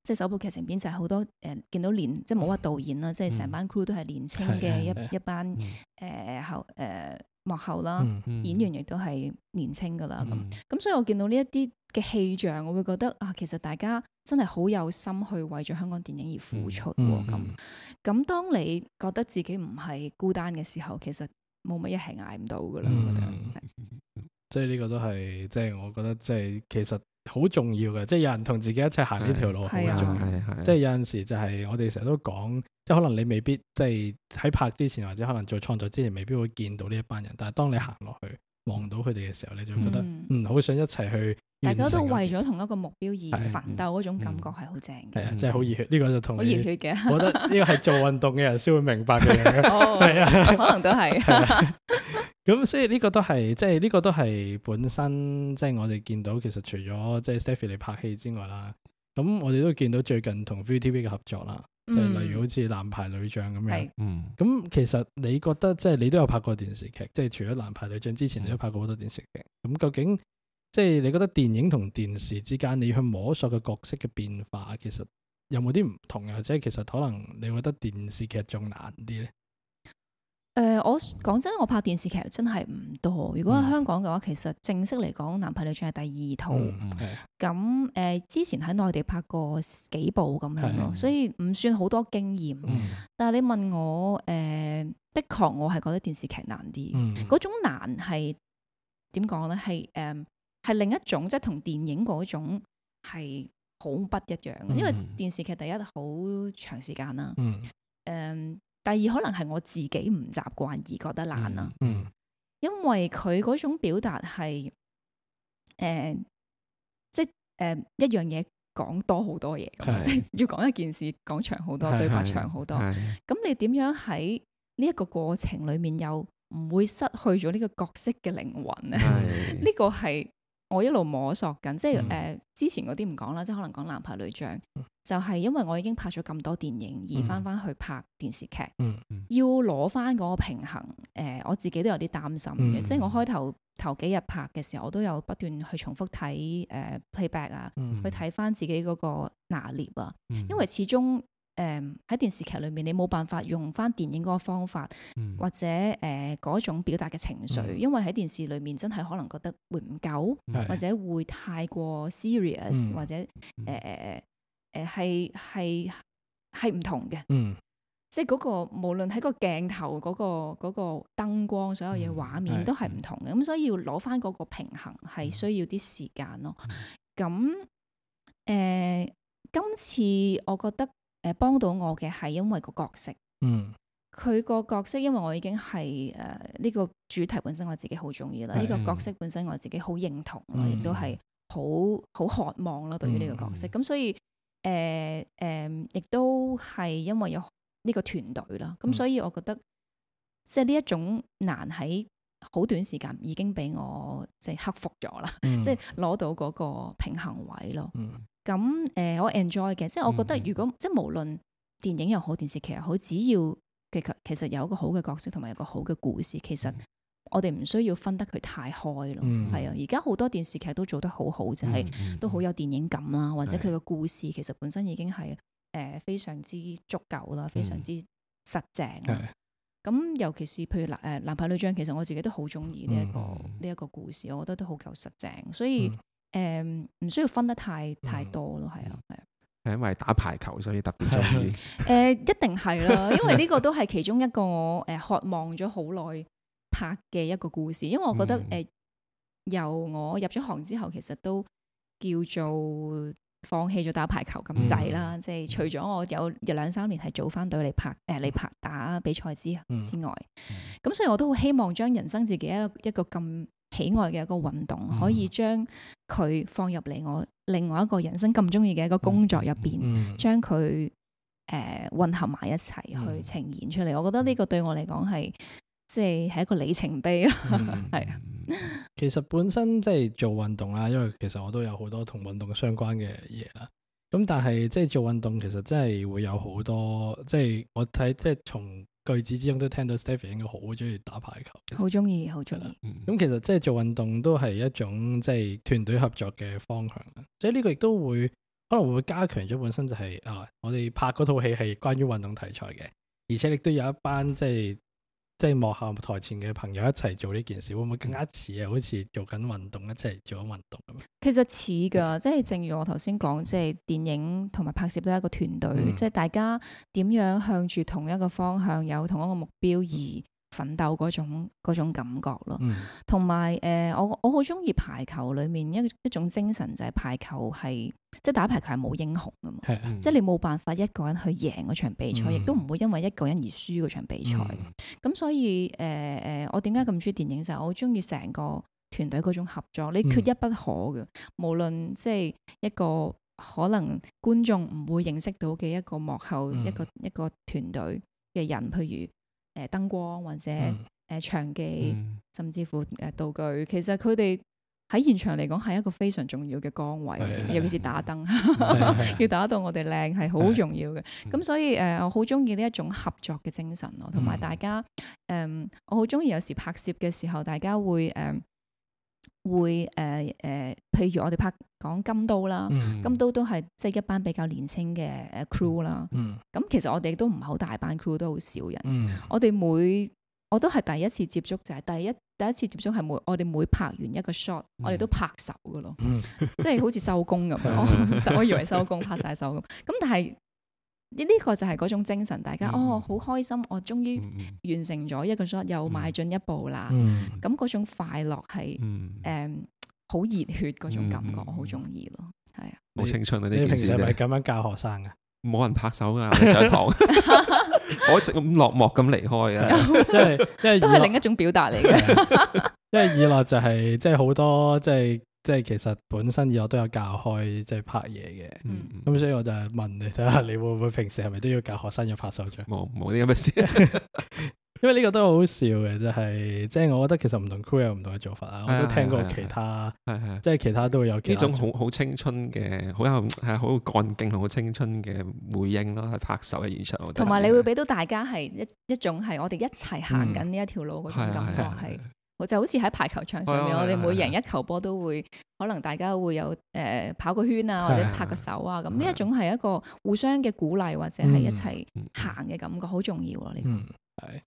即係首部劇情片就係好多誒，見到年即係冇話導演啦，即係成班 crew 都係年青嘅一一班誒後誒幕後啦，演員亦都係年青噶啦咁。咁所以我見到呢一啲嘅氣象，我會覺得啊，其實大家真係好有心去為咗香港電影而付出喎。咁咁，當你覺得自己唔係孤單嘅時候，其實冇乜嘢係捱唔到噶啦。即係呢個都係，即係我覺得，即係其實。好重要嘅，即係有人同自己一齊行呢條路好係重要，係啊。即係有陣時就係我哋成日都講，即係可能你未必即係喺拍之前或者可能做創作之前，未必會見到呢一班人，但係當你行落去。望到佢哋嘅時候，你就覺得嗯，好想一齊去。大家都為咗同一個目標而奮鬥嗰種感覺係好正嘅。係啊，即係好熱血，呢個就同我熱血嘅。我覺得呢個係做運動嘅人先會明白嘅嘢。哦，係啊，可能都係。咁所以呢個都係，即係呢個都係本身，即係我哋見到其實除咗即係 Stephy 嚟拍戲之外啦，咁我哋都見到最近同 ViuTV 嘅合作啦。就係例如好似男排女將咁樣，嗯，咁其實你覺得即係、就是、你都有拍過電視劇，即、就、係、是、除咗男排女將之前，你都拍過好多電視劇。咁、嗯、究竟即係、就是、你覺得電影同電視之間，你去摸索個角色嘅變化，其實有冇啲唔同啊？或者其實可能你覺得電視劇仲難啲咧？誒、呃，我講真，我拍電視劇真係唔多。如果喺香港嘅話，嗯、其實正式嚟講，《男排女將》係第二套、嗯。嗯，咁誒、嗯，之前喺內地拍過幾部咁樣咯，的所以唔算好多經驗。嗯、但係你問我誒、呃，的確我係覺得電視劇難啲。嗰、嗯、種難係點講呢？係誒，係、um，另一種即係同電影嗰種係好不一樣。嗯、因為電視劇第一好長時間啦。誒、嗯。嗯第二可能係我自己唔習慣而覺得難啦，嗯嗯、因為佢嗰種表達係，誒、呃，即係、呃、一樣嘢講多好多嘢，是即係要講一件事講長好多，是對白長好多。咁你點樣喺呢一個過程裡面又唔會失去咗呢個角色嘅靈魂咧？呢是 個係。我一路摸索緊，即係誒、呃、之前嗰啲唔講啦，即係可能講男拍女像，嗯、就係因為我已經拍咗咁多電影，而翻翻去拍電視劇，嗯嗯、要攞翻嗰個平衡，誒、呃、我自己都有啲擔心嘅。嗯、即係我開頭頭幾日拍嘅時候，我都有不斷去重複睇誒、呃、Playback 啊，嗯、去睇翻自己嗰個拿捏啊，因為始終。誒喺、嗯、電視劇裏面，你冇辦法用翻電影嗰個方法，或者誒嗰、呃、種表達嘅情緒，嗯、因為喺電視裏面真係可能覺得會唔夠，是或者會太過 serious，嗯、或者誒誒誒誒係係唔同嘅。嗯、即係嗰、嗰個無論喺個鏡頭嗰、嗰個嗰燈、嗰個、光所有嘢畫面都係唔同嘅，咁、嗯嗯、所以要攞翻嗰個平衡係需要啲時間咯。咁誒、嗯呃，今次我覺得。幫到我嘅係因為個角色，嗯，佢個角色，因為我已經係誒呢個主題本身我自己好中意啦，呢、嗯、個角色本身我自己好認同，我亦、嗯、都係好好渴望啦對於呢個角色，咁、嗯、所以誒誒亦都係因為有呢個團隊啦，咁所以我覺得、嗯、即係呢一種難喺。好短時間已經俾我即係、就是、克服咗啦，嗯、即係攞到嗰個平衡位咯。咁誒、嗯呃，我 enjoy 嘅，即係我覺得，如果、嗯、即係無論電影又好，電視劇又好，只要其其實有一個好嘅角色同埋一個好嘅故事，其實我哋唔需要分得佢太開咯。係、嗯、啊，而家好多電視劇都做得好好，嗯、就係都好有電影感啦，嗯、或者佢嘅故事其實本身已經係誒、呃、非常之足夠啦，嗯嗯、非常之實淨。咁尤其是譬如男誒男排女將，其實我自己都好中意呢一個呢一個故事，嗯哦、我覺得都好夠實正，所以誒唔、嗯嗯、需要分得太太多咯，係啊係。係、嗯嗯嗯、因為打排球所以特別中意？誒、嗯 呃、一定係啦，因為呢個都係其中一個我誒渴望咗好耐拍嘅一個故事，因為我覺得誒、嗯呃、由我入咗行之後，其實都叫做。放棄咗打排球咁滯啦，嗯、即係除咗我有兩三年係組翻隊嚟拍誒嚟、呃、拍打比賽之之外，咁、嗯、所以我都好希望將人生自己一個一個咁喜愛嘅一個運動，嗯、可以將佢放入嚟我另外一個人生咁中意嘅一個工作入邊，將佢誒混合埋一齊去呈現出嚟。嗯嗯、我覺得呢個對我嚟講係。即係係一個里程碑咯，係啊、嗯。 是其實本身即係做運動啦，因為其實我都有好多同運動相關嘅嘢啦。咁但係即係做運動，其實真係會有好多，即、就、係、是、我睇即係從句子之中都聽到，Stephy 應該好中意打排球，好中意，好中意。咁其實即係、嗯嗯、做運動都係一種即係團隊合作嘅方向啦。即係呢個亦都會可能會加強咗本身就係、是、啊，我哋拍嗰套戲係關於運動題材嘅，而且亦都有一班即、就、係、是。即係幕後台前嘅朋友一齊做呢件事，會唔會更加似啊？好似做緊運動，一齊做緊運動咁樣。其實似㗎， 即係正如我頭先講，即係電影同埋拍攝都係一個團隊，嗯、即係大家點樣向住同一個方向，有同一個目標而。嗯奮鬥嗰種嗰種感覺咯，同埋誒，我我好中意排球裏面一一種精神就係排球係，即係打排球係冇英雄噶嘛，嗯、即係你冇辦法一個人去贏嗰場比賽，嗯、亦都唔會因為一個人而輸嗰場比賽。咁、嗯、所以誒誒、呃，我點解咁中意電影就係、是、我好中意成個團隊嗰種合作，你缺一不可嘅。嗯、無論即係一個可能觀眾唔會認識到嘅一個幕後一個、嗯、一個團隊嘅人，譬如。誒，燈、呃、光或者誒場記，甚至乎誒、呃、道具，其實佢哋喺現場嚟講係一個非常重要嘅崗位，是是是是尤其是打燈，要打到我哋靚係好重要嘅。咁是所以誒、呃，我好中意呢一種合作嘅精神咯，同埋大家誒、呃，我好中意有時拍攝嘅時候，大家會誒。呃會誒誒、呃呃，譬如我哋拍講金刀啦，嗯、金刀都係即係一班比較年輕嘅誒 crew 啦。咁、嗯、其實我哋都唔係好大班 crew，都好少人。嗯、我哋每我都係第一次接觸就係、是、第一第一次接觸係每我哋每拍完一個 shot，嗯、我哋都拍手噶咯，嗯、即係好似收工咁咯。嗯、 我以為收工拍晒手咁，咁但係，呢呢個就係嗰種精神，大家哦好開心，我終於完成咗一個 show，又邁進一步啦。咁嗰種快樂係誒好熱血嗰種感覺，好中意咯，係啊。好青春啊！呢你平時係咪咁樣教學生噶？冇人拍手噶，上堂我一直咁落寞咁離開嘅，因為因為都係另一種表達嚟嘅，因為娛樂就係即係好多即係。即係其實本身我都有教開即係拍嘢嘅，咁、嗯嗯、所以我就問你睇下你會唔會平時係咪都要教學生要拍手掌？冇冇啲咁嘅事，呵呵 因為呢個都好笑嘅，就係、是、即係我覺得其實唔同 crew 有唔同嘅做法啊，哎、呀我都聽過其他，即係其他都會有呢種好好青春嘅，好有係好幹勁同好青春嘅回應咯，拍手嘅現場。同埋你會俾到大家係一對一種係我哋一齊行緊呢一條路嗰種感覺係、嗯。嗯嗯欸嗯我就好似喺排球場上面，哦、我哋每贏一球波都會，哦、可能大家會有誒、呃、跑個圈啊，或者對拍個手啊咁。呢一對種係一個互相嘅鼓勵或者係一齊行嘅感覺好、嗯、重要咯。呢個，係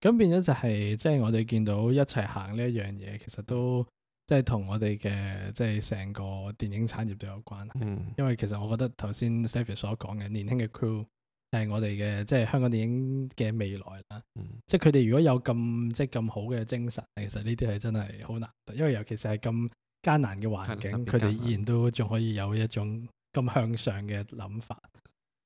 咁變咗就係即係我哋見到一齊行呢一樣嘢，其實都即係同我哋嘅即係成個電影產業都有關係，嗯、因為其實我覺得頭先 Stephy 所講嘅年輕嘅 crew。係我哋嘅，即係香港電影嘅未來啦。嗯、即係佢哋如果有咁，即係咁好嘅精神，其實呢啲係真係好難得。因為尤其是係咁艱難嘅環境，佢哋依然都仲可以有一種咁向上嘅諗法。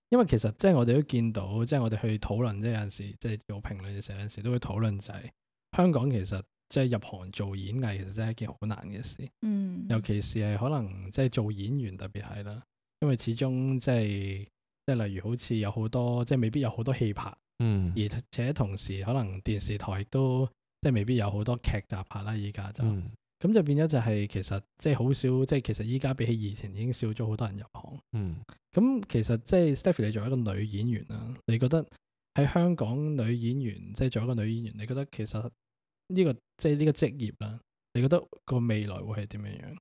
因為其實即係我哋都見到，即係我哋去討論即係有陣時，即係做評論嘅時候，有陣時都會討論就係、是、香港其實即係入行做演藝其實真係一件好難嘅事。嗯、尤其是係可能即係做演員特別係啦，因為始終即係。即係例如好似有好多，即係未必有好多戲拍，嗯，而且同時可能電視台亦都即係未必有好多劇集拍啦。依家就咁、嗯、就變咗就係其實即係好少，即係其實依家比起以前已經少咗好多人入行，嗯。咁其實即係 Stephy 你作為一個女演員啦，你覺得喺香港女演員即係做一個女演員，你覺得其實呢個即係呢個職業啦，你覺得個未來會係點樣樣？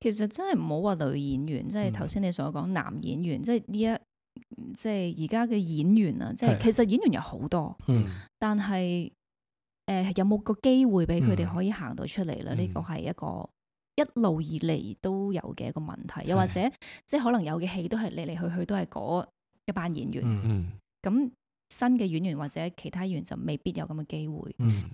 其實真係唔好話女演員，即係頭先你所講男演員，嗯、即係呢一即係而家嘅演員啊！即係是其實演員有好多，嗯、但係誒、呃、有冇個機會俾佢哋可以行到出嚟咧？呢個係一個一路以嚟都有嘅一個問題，嗯、又或者是即係可能有嘅戲都係嚟嚟去去都係嗰一班演員，咁、嗯。嗯新嘅演員或者其他演員就未必有咁嘅機會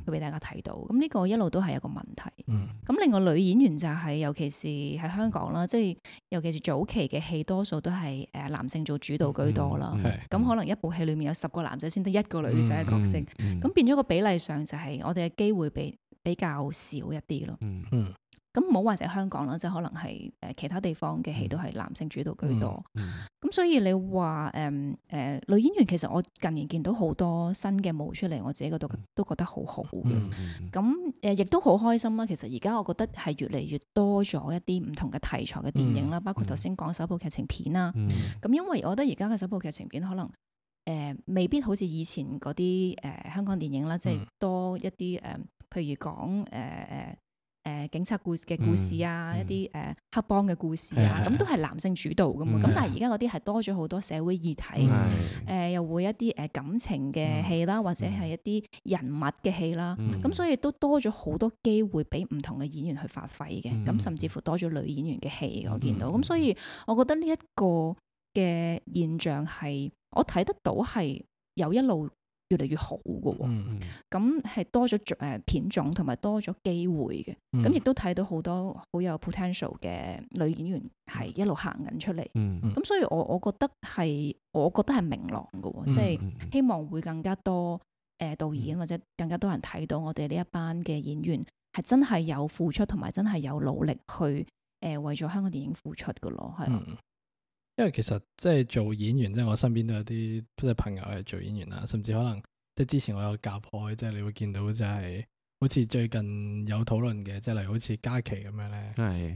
會俾、嗯、大家睇到，咁呢個一路都係一個問題。咁、嗯、另外女演員就係、是，尤其是喺香港啦，即係尤其是早期嘅戲，多數都係誒男性做主導居多啦。咁、嗯嗯嗯、可能一部戲裏面有十個男仔，先得一個女仔嘅角色，咁、嗯嗯嗯、變咗個比例上就係我哋嘅機會比比較少一啲咯。嗯嗯嗯咁唔好或者香港啦，即係可能係誒其他地方嘅戲都係男性主導居多。咁、mm. 嗯、所以你話誒誒女演員其實我近年見到好多新嘅舞出嚟，我自己覺得都覺得好好嘅。咁誒、mm. mm. 嗯呃、亦都好開心啦。其實而家我覺得係越嚟越多咗一啲唔同嘅題材嘅電影啦，包括頭先講首部劇情片啦、啊。咁、啊 mm. 嗯嗯、因為我覺得而家嘅首部劇情片可能誒、呃、未必好似以前嗰啲誒香港電影啦，即、就、係、是、多一啲誒、呃，譬如講誒誒。呃呃呃誒警察故事嘅故事啊，一啲誒黑幫嘅故事啊，咁都係男性主導嘅嘛。咁但係而家嗰啲係多咗好多社會議題，誒又會一啲誒感情嘅戲啦，或者係一啲人物嘅戲啦。咁所以都多咗好多機會俾唔同嘅演員去發揮嘅。咁甚至乎多咗女演員嘅戲。我見到。咁所以我覺得呢一個嘅現象係我睇得到係有一路越嚟越好㗎，咁、嗯、係、嗯、多咗誒片種同埋多咗機會嘅，咁、嗯、亦都睇到好多好有 potential 嘅女演員係一路行緊出嚟，咁、嗯嗯嗯、所以我我覺得係我覺得係明朗㗎，即係希望會更加多誒、呃、導演或者更加多人睇到我哋呢一班嘅演員係真係有付出同埋真係有努力去誒、呃、為咗香港電影付出㗎咯，係、嗯因為其實即係做演員，即、就、係、是、我身邊都有啲即係朋友係做演員啊，甚至可能即係之前我有教開，即係你會見到就係好似最近有討論嘅，即係例如好似珈其咁樣咧，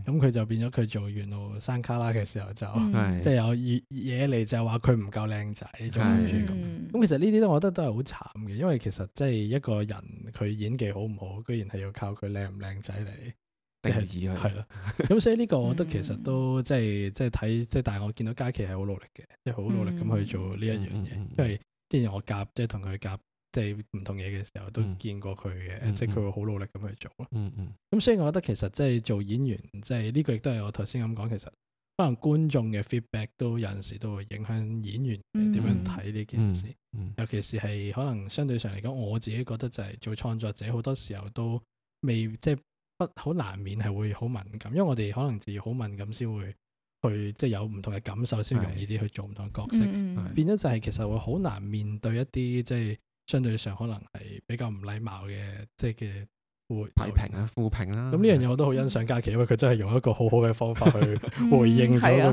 咁佢是、嗯、就變咗佢做《緣路山旮旯》嘅時候就是即係有嘢嚟，就話佢唔夠靚仔，咁咁是、嗯嗯、其實呢啲咧，我覺得都係好慘嘅，因為其實即係一個人佢演技好唔好，居然係要靠佢靚唔靚仔嚟。係係，咁所以呢個我覺得其實都即係即係睇即係，但係我見到佳琪係好努力嘅，即係好努力咁去做呢一樣嘢。因為之前我夾即係同佢夾即係唔同嘢嘅時候，都見過佢嘅，即係佢會好努力咁去做咯、嗯。嗯嗯。咁所以我覺得其實即係做演員，即係呢個亦都係我頭先咁講，其實可能觀眾嘅 feedback 都有陣時都會影響演員點、嗯、樣睇呢件事。嗯嗯嗯嗯、尤其是係可能相對上嚟講，我自己覺得就係做創作者好多時候都未即係。即好難免係會好敏感，因為我哋可能要好敏感先會去，即係有唔同嘅感受，先容易啲去做唔同嘅角色。的變咗就係其實會好難面對一啲，即係相對上可能係比較唔禮貌嘅，即嘅。回批評啦、啊、負評啦，咁呢、嗯、樣嘢我都好欣賞嘉琪，因為佢真係用一個好好嘅方法去回應咗嗰、那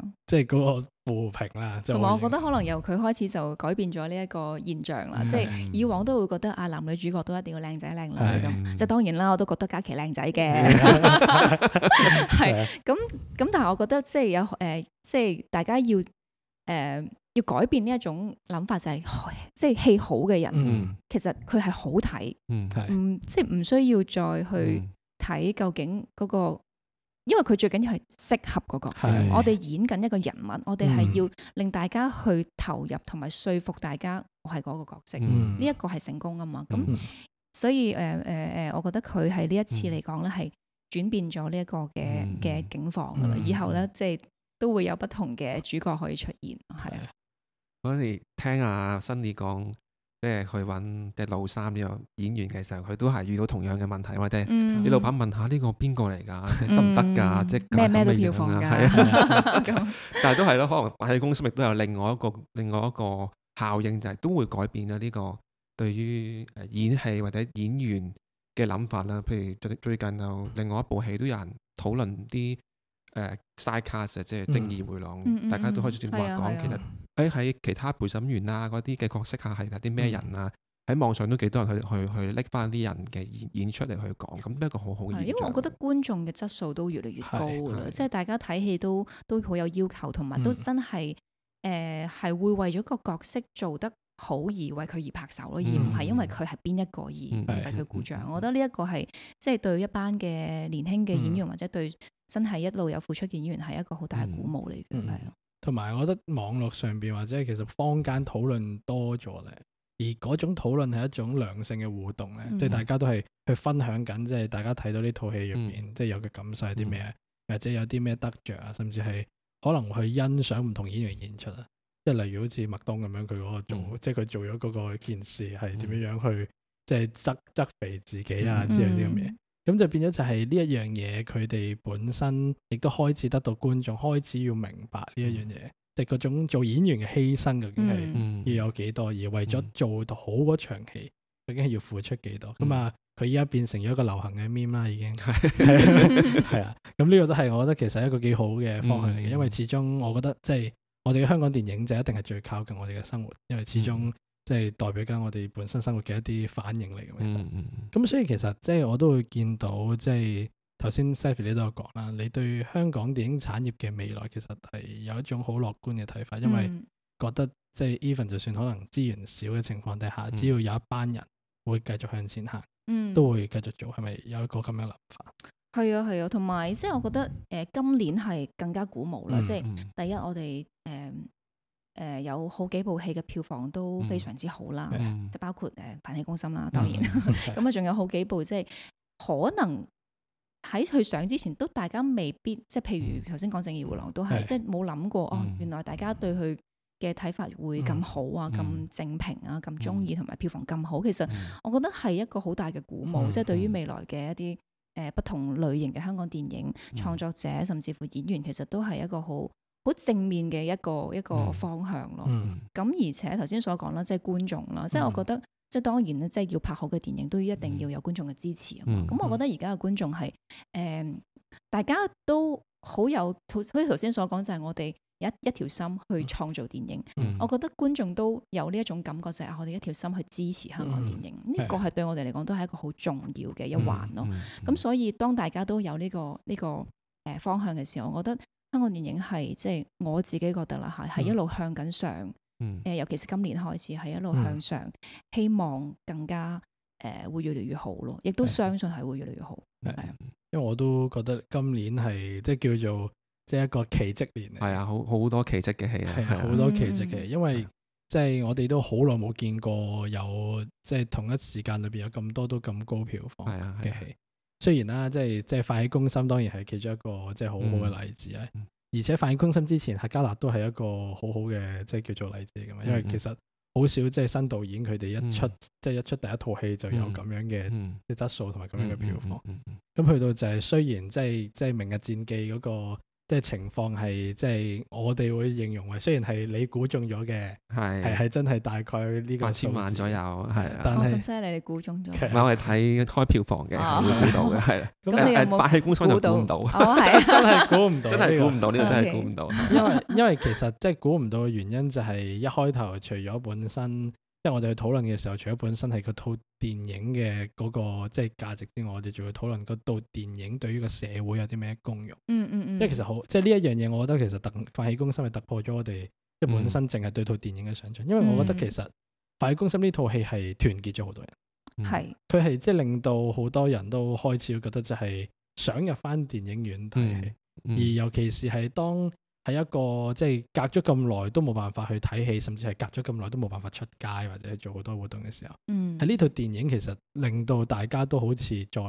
個，即係嗰個負評啦。同埋、嗯，我覺得可能由佢開始就改變咗呢一個現象啦。嗯、即係以往都會覺得啊，男女主角都一定要靚仔靚女咁。啊嗯、即係當然啦，我都覺得嘉琪靚仔嘅，係咁咁。但係我覺得即係有誒、呃，即係大家要誒。呃要改變呢一種諗法，就係即係戲好嘅人，其實佢係好睇，嗯，即係唔需要再去睇究竟嗰個，因為佢最緊要係適合個角色。我哋演緊一個人物，我哋係要令大家去投入同埋說服大家我係嗰個角色，呢一個係成功噶嘛。咁所以誒誒誒，我覺得佢喺呢一次嚟講咧，係轉變咗呢一個嘅嘅境況啦。以後咧，即係都會有不同嘅主角可以出現，係啊。我哋聽阿新李講，即係去搵即係老三呢個演員嘅時候，佢都係遇到同樣嘅問題，或者你老闆問下呢、這個邊個嚟噶？即係得唔得噶？即係咩咩都票房啊。 但係都係咯，可能喺公司亦都有另外一個另外一個效應，就是，就係都會改變咗，啊、呢、這個對於誒演戲或者演員嘅諗法啦、啊。譬如最最近有另外一部戲都有人討論啲誒 side cast 即係正義回廊，嗯嗯、大家都開始轉話講，其實。喺喺、哎、其他陪審員啊，嗰啲嘅角色下係嗰啲咩人啊？喺、嗯、網上都幾多人去去去拎翻啲人嘅演演出嚟去講，咁呢係一個好好嘅。係，因為我覺得觀眾嘅質素都越嚟越高啦，即係是是 大家睇戲都都好有要求，同埋都真係誒係會為咗個角色做得好而為佢而拍手咯，嗯、而唔係因為佢係邊一個而為佢鼓掌。我覺得呢一個係即係對一班嘅年輕嘅演員、嗯、或者對真係一路有付出嘅演員係一個好大嘅鼓舞嚟嘅，係啊。同埋，我覺得網絡上面，或者其實坊間討論多咗咧，而嗰種討論係一種良性嘅互動呢、嗯、大家都係去分享緊，即係大家睇到呢套戲入面，嗯、即係有嘅感受係啲咩，嗯、或者有啲咩得着，啊，甚至係可能去欣賞唔同演員演出啊，即係例如好似麥當咁樣，佢嗰個做，嗯、即係佢做咗嗰個件事係點樣樣去，嗯、即係側側肥自己啊之類啲咁嘢。咁就變咗就係呢一樣嘢，佢哋本身亦都開始得到觀眾，開始要明白呢一樣嘢，即係嗰種做演員嘅犧牲究竟係要有幾多，嗯、而為咗做到好嗰場戲，究竟係要付出幾多？咁、嗯、啊，佢依家變成咗一個流行嘅 meme 啦，已經係、嗯、 啊，咁呢個都係我覺得其實一個幾好嘅方向嚟嘅，因為始終我覺得即係、就是、我哋嘅香港電影就一定係最靠近我哋嘅生活，因為始終、嗯。即係代表緊我哋本身生活嘅一啲反應嚟嘅，咁、嗯、所以其實即係我都會見到，即係頭先 Safi 你都有講啦，你對香港電影產業嘅未來其實係有一種好樂觀嘅睇法，因為覺得、嗯、即係 even 就算可能資源少嘅情況底下，嗯、只要有一班人會繼續向前行，都會繼續做，係咪有一個咁樣諗法？係啊係啊，同埋即係我覺得誒、呃、今年係更加鼓舞啦，即係第一我哋誒。嗯嗯誒有好幾部戲嘅票房都非常之好啦，即包括誒《飯戲攻心》啦，當然咁啊，仲有好幾部即係可能喺佢上之前，都大家未必即係譬如頭先講《正義迴廊》都係即係冇諗過哦，原來大家對佢嘅睇法會咁好啊，咁正評啊，咁鍾意同埋票房咁好，其實我覺得係一個好大嘅鼓舞，即係對於未來嘅一啲誒不同類型嘅香港電影創作者，甚至乎演員，其實都係一個好。好正面嘅一個一個方向咯。咁而且頭先所講啦，即係觀眾啦，即係我覺得，即係當然咧，即係要拍好嘅電影都一定要有觀眾嘅支持。咁我覺得而家嘅觀眾係誒，大家都好有，好似頭先所講，就係我哋一一條心去創造電影。我覺得觀眾都有呢一種感覺，就係我哋一條心去支持香港電影。呢個係對我哋嚟講都係一個好重要嘅一環咯。咁所以當大家都有呢個呢個誒方向嘅時候，我覺得。香港電影係即係我自己覺得啦，係係一路向緊上，誒、嗯呃，尤其是今年開始係一路向上，嗯、希望更加誒、呃、會越嚟越好咯，亦都相信係會越嚟越好。係，因為我都覺得今年係即係叫做即係、就是、一個奇蹟年嚟，係啊，好好多奇蹟嘅戲，係好多奇蹟嘅，的嗯、因為即係、就是、我哋都好耐冇見過有即係、就是、同一時間裏邊有咁多都咁高票房嘅戲。雖然啦，即係即係《飯戲攻心》，當然係其中一個即係、就是、好好嘅例子啊、嗯！而且《飯戲攻心》之前，客家樂都係一個好好嘅即係叫做例子㗎嘛。因為其實好少即係、就是、新導演佢哋一出即係、嗯、一出第一套戲就有咁樣嘅質素同埋咁樣嘅票房。咁去到就係、是、雖然即係即係《就是、明日戰記》嗰個。即係情況係，即係我哋會形容為，雖然係你估中咗嘅，係係係真係大概呢個八千萬左右，係啊，咁犀利！你估中咗，唔係，我係睇開票房嘅，估到嘅，係啦。咁你有冇？大氣棺材就估唔到，真係估唔到，真係估唔到，呢個真係估唔到。因為因為其實即係估唔到嘅原因就係一開頭除咗本身。即係我哋去討論嘅時候，除咗本身係套電影嘅，嗰，那個即係價值之外，我哋仲會討論嗰套電影對於個社會有啲咩功用？嗯嗯嗯。嗯嗯因為其實好，即係呢一樣嘢，我覺得其實突《飯戲攻心》係突破咗我哋即係本身淨係對套電影嘅想象。因為我覺得其實《飯戲、嗯、攻心》呢套戲係團結咗好多人，係佢係即係令到好多人都開始覺得即係想入翻電影院睇戲，嗯嗯嗯、而尤其是係當係一個即係、就是，隔咗咁耐都冇辦法去睇戲，甚至係隔咗咁耐都冇辦法出街或者做好多活動嘅時候，喺呢套電影其實令到大家都好似再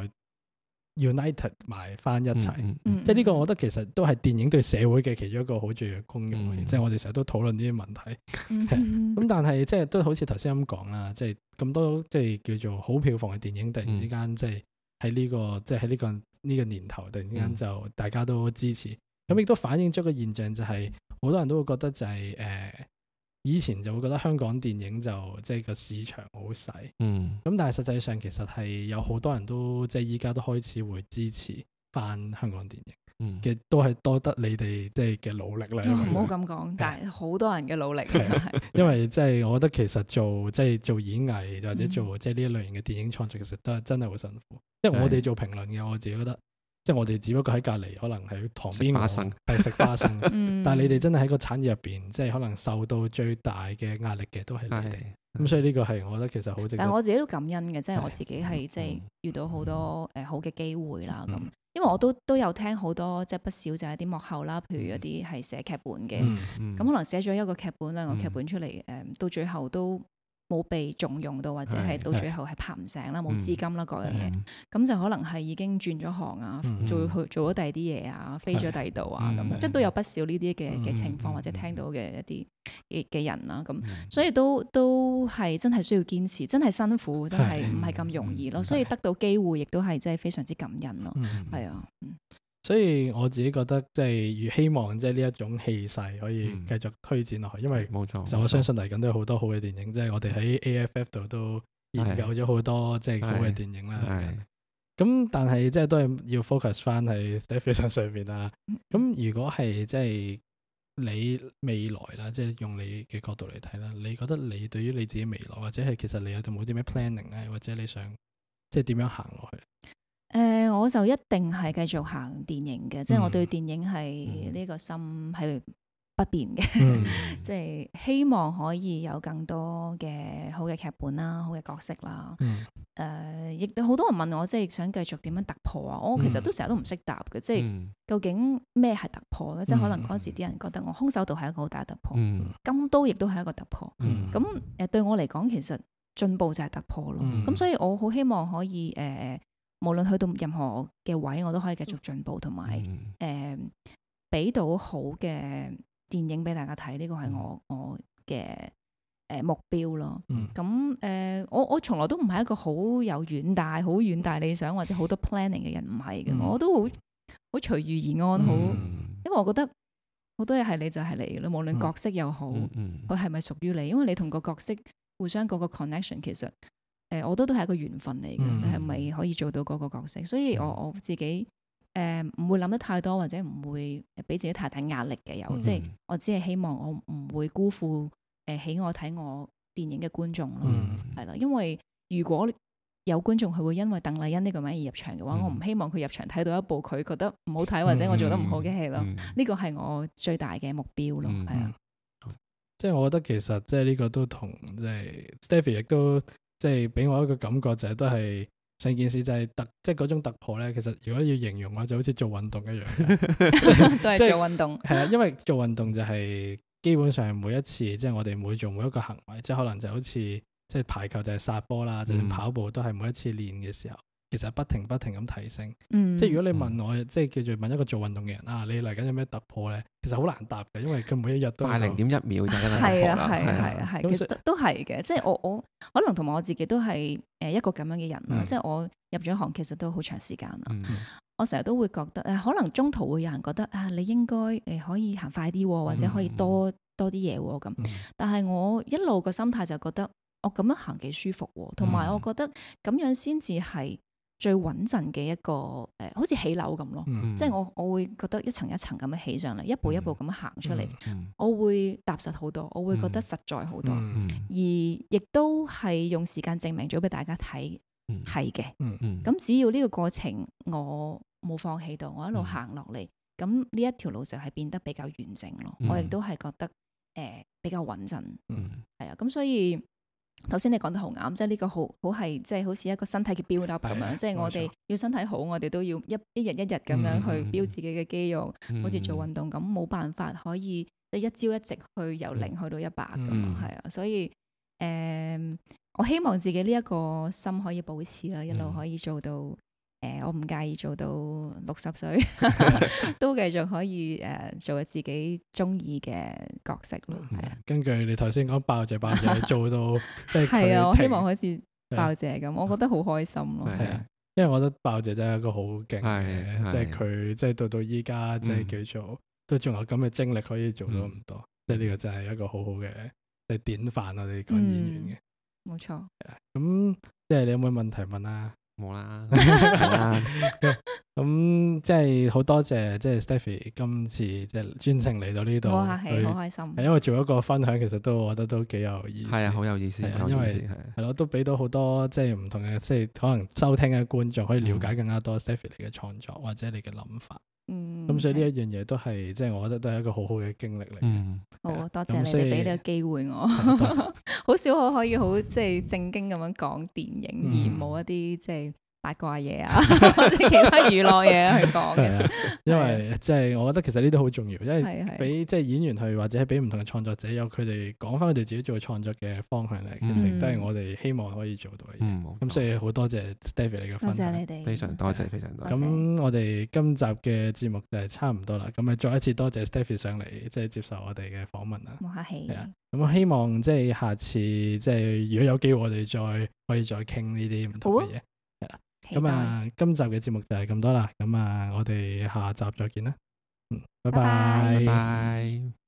united 埋翻一齊，即係呢個我覺得其實都係電影對社會嘅其中一個好重要嘅功用。即係、嗯、我哋成日都討論呢啲問題。咁但係即係都好似頭先咁講啦，即係咁多即係、就是、叫做好票房嘅電影，突然之間即係喺呢個即係喺呢個呢、就是這個這個年頭，突然之間就大家都支持。咁亦都反映咗個現象，就係好多人都會覺得就係、是，誒、呃，以前就會覺得香港電影就即係、就是、個市場好細。嗯。咁但係實際上其實係有好多人都即係依家都開始會支持翻香港電影。嗯。嘅都係多得你哋即係嘅努力啦。唔好咁講， 但係好多人嘅努力。係。因為即係我覺得其實做即係、就是、做演藝或者做即係呢一類型嘅電影創作，其實都係真係好辛苦。嗯、因為我哋做評論嘅，我自己覺得。即係我哋只不過喺隔籬，可能喺旁邊係食花生，花生 但係你哋真係喺個產業入邊，即係可能受到最大嘅壓力嘅都係你哋。咁的所以呢個係我覺得其實好正。但係我自己都感恩嘅，即係的我自己係即係遇到好多誒好嘅機會啦。咁、嗯、因為我都都有聽好多即係不少就係啲幕後啦，譬如一啲係寫劇本嘅，咁、嗯嗯嗯、可能寫咗一個劇本兩個劇本出嚟，誒、嗯、到最後都。冇被重用到，或者係到最後係拍唔醒啦，冇的資金啦，嗯、各樣嘢，咁就可能係已經轉咗行啊，嗯、做去做咗第二啲嘢啊，飛咗第二度啊，咁即係都有不少呢啲嘅嘅情況，嗯、或者聽到嘅一啲嘅嘅人啦，咁、嗯、所以都都係真係需要堅持，真係辛苦，真係唔係咁容易咯。的所以得到機會，亦都係真係非常之感恩咯，係啊。所以我自己覺得即係越希望即係呢一種氣勢可以繼續推展落去，嗯、因為冇錯錯，其實我相信嚟緊都有好多好嘅電影，即係錯我哋喺 AFF 度都研究咗好多即係好嘅電影是是是啦。咁但係即係都係要 focus 翻喺 Stephy 上邊啦。咁如果係即係你未來啦，即、就、係、是、用你嘅角度嚟睇啦，你覺得你對於你自己未來，或者係其實你有冇啲咩 planning 咧，或者你想即係點樣行落去？誒、呃，我就一定係繼續行電影嘅，嗯、即係我對電影係呢個心係不變嘅，嗯、 即係希望可以有更多嘅好嘅劇本啦，好嘅角色啦。誒、嗯呃，亦好多人問我，即係想繼續點樣突破啊？我其實都成日都唔識答嘅，即係、嗯、究竟咩係突破咧？即係可能嗰陣時啲人覺得我《空手道》係一個好大突破，嗯《金刀》亦都係一個突破。咁誒、嗯，對我嚟講，其實進步就係突破咯。咁所以我好希望可以誒，呃無論去到任何嘅位，我都可以繼續進步，同埋誒，俾、嗯呃、到好嘅電影俾大家睇。呢、呢個係我、嗯、我嘅誒目標咯。咁誒、嗯呃，我我從來都唔係一個好有遠大、好遠大理想或者好多 planning 嘅人，唔係嘅。嗯、我都好好隨遇而安，好，嗯、因為我覺得好多嘢係你就係你咯。無論角色又好，佢係咪屬於你？因為你同個角色互相嗰個 connection，其實。誒，我都都係一個緣分嚟嘅，係咪、嗯嗯嗯、可以做到嗰個角色？所以我我自己誒唔、呃、會諗得太多，或者唔會俾自己太大壓力嘅。有嗯嗯，即係我只係希望我唔會辜負誒喜愛我睇我電影嘅觀眾咯，係啦。因為如果有觀眾佢會因為鄧麗欣呢個名而入場嘅話，我唔希望佢入場睇到一部佢覺得唔好睇或者我做得唔好嘅戲咯。呢個係我最大嘅目標咯，係啊。即係我覺得其實即係呢個都同即係 Stephy 亦都。即係俾我一個感覺就係都係成件事就係突即係嗰種突破咧。其實如果要形容嘅話，就好似做運動一樣，都係做運動。係啊，因為做運動就係基本上每一次，即係我哋每做每一個行為，即係可能就好似即係排球就係殺波啦，就算跑步都係每一次練嘅時候。嗯其實不停不停咁提升，即係如果你問我，即係叫做問一個做運動嘅人啊，你嚟緊有咩突破咧？其實好難答嘅，因為佢每一日都快零點一秒就係咁啦，係啊，係係係，其實都都係嘅。即係我我可能同埋我自己都係誒一個咁樣嘅人啦。即係我入咗行其實都好長時間啦。我成日都會覺得誒，可能中途會有人覺得啊，你應該誒可以行快啲，或者可以多多啲嘢咁。但係我一路個心態就覺得我咁樣行幾舒服，同埋我覺得咁樣先至係。最穩陣嘅一個誒、呃，好似起樓咁咯，mm hmm. 即係我我會覺得一層一層咁樣起上嚟，一步一步咁樣行出嚟，mm hmm. 我會踏實好多，我會覺得實在好多，mm hmm. 而亦都係用時間證明咗俾大家睇係嘅。咁、mm hmm. 只要呢個過程我冇放棄到，我一路行落嚟，咁呢、mm hmm. 一條路就係變得比較完整咯。我亦都係覺得誒、呃、比較穩陣。嗯、mm，係、hmm. 啊，咁所以。頭先你講得好啱，即係呢個好，好係即係好似一個身體嘅 build up 咁樣，啊、即係我哋要身體好，錯我哋都要一一日一日咁樣去 build 自己嘅肌肉，嗯嗯、好似做運動咁，冇辦法可以一朝一夕去由零去到一百咁啊，係、嗯、啊，所以誒、呃，我希望自己呢一個心可以保持啦，一路可以做到。嗯嗯嗯誒，我唔介意做到六十歲， 都繼續可以誒做自己中意嘅角色咯。係啊、嗯，根據你頭先講，鮑姐，鮑姐 做到即係，係啊，我希望好似鮑姐咁，的我覺得好開心咯。係啊，因為我覺得鮑姐真係一個好勁嘅，即係佢即係到到依家即係叫做都仲、嗯、有咁嘅精力可以做到咁多，嗯、即係呢個真係一個好好嘅即係典範。我哋講演員嘅，冇錯、嗯。咁即係你有冇問題問啊？冇啦。咁即係好多謝，即係 Stephy 今次即係專程嚟到呢度，好客氣，好開心。係因為做一個分享，其實都我覺得都幾有意思，係啊，好有意思，因為係咯，都俾到好多即係唔同嘅，即係可能收聽嘅觀眾可以了解更加多 Stephy 你嘅創作或者你嘅諗法。嗯，咁所以呢一樣嘢都係，即係我覺得都係一個好好嘅經歷嚟。嗯，好多謝你俾呢個機會我，好少可可以好即係正經咁樣講電影，而冇一啲即係。八卦嘢啊，或者 其他娛樂嘢，去講嘅， 啊，因為即係我覺得其實呢啲好重要，因為俾即係演員去或者俾唔同嘅創作者有佢哋講翻佢哋自己做創作嘅方向嚟。其實都係我哋希望可以做到嘅，嗯嗯。嗯，咁，嗯、所以好多謝 Stephy 你嘅分享，非常多謝，非常多謝。咁我哋今集嘅節目就係差唔多啦，咁啊再一次多謝 Stephy 上嚟，即係接受我哋嘅訪問啦。冇客氣，係啊，咁我希望即係下次即係、即係、如果有機會我哋再可以再傾呢啲唔同嘅嘢。哦咁啊，今集嘅節目就係咁多啦。咁啊，我哋下集再見啦。嗯，拜拜。拜拜。拜拜。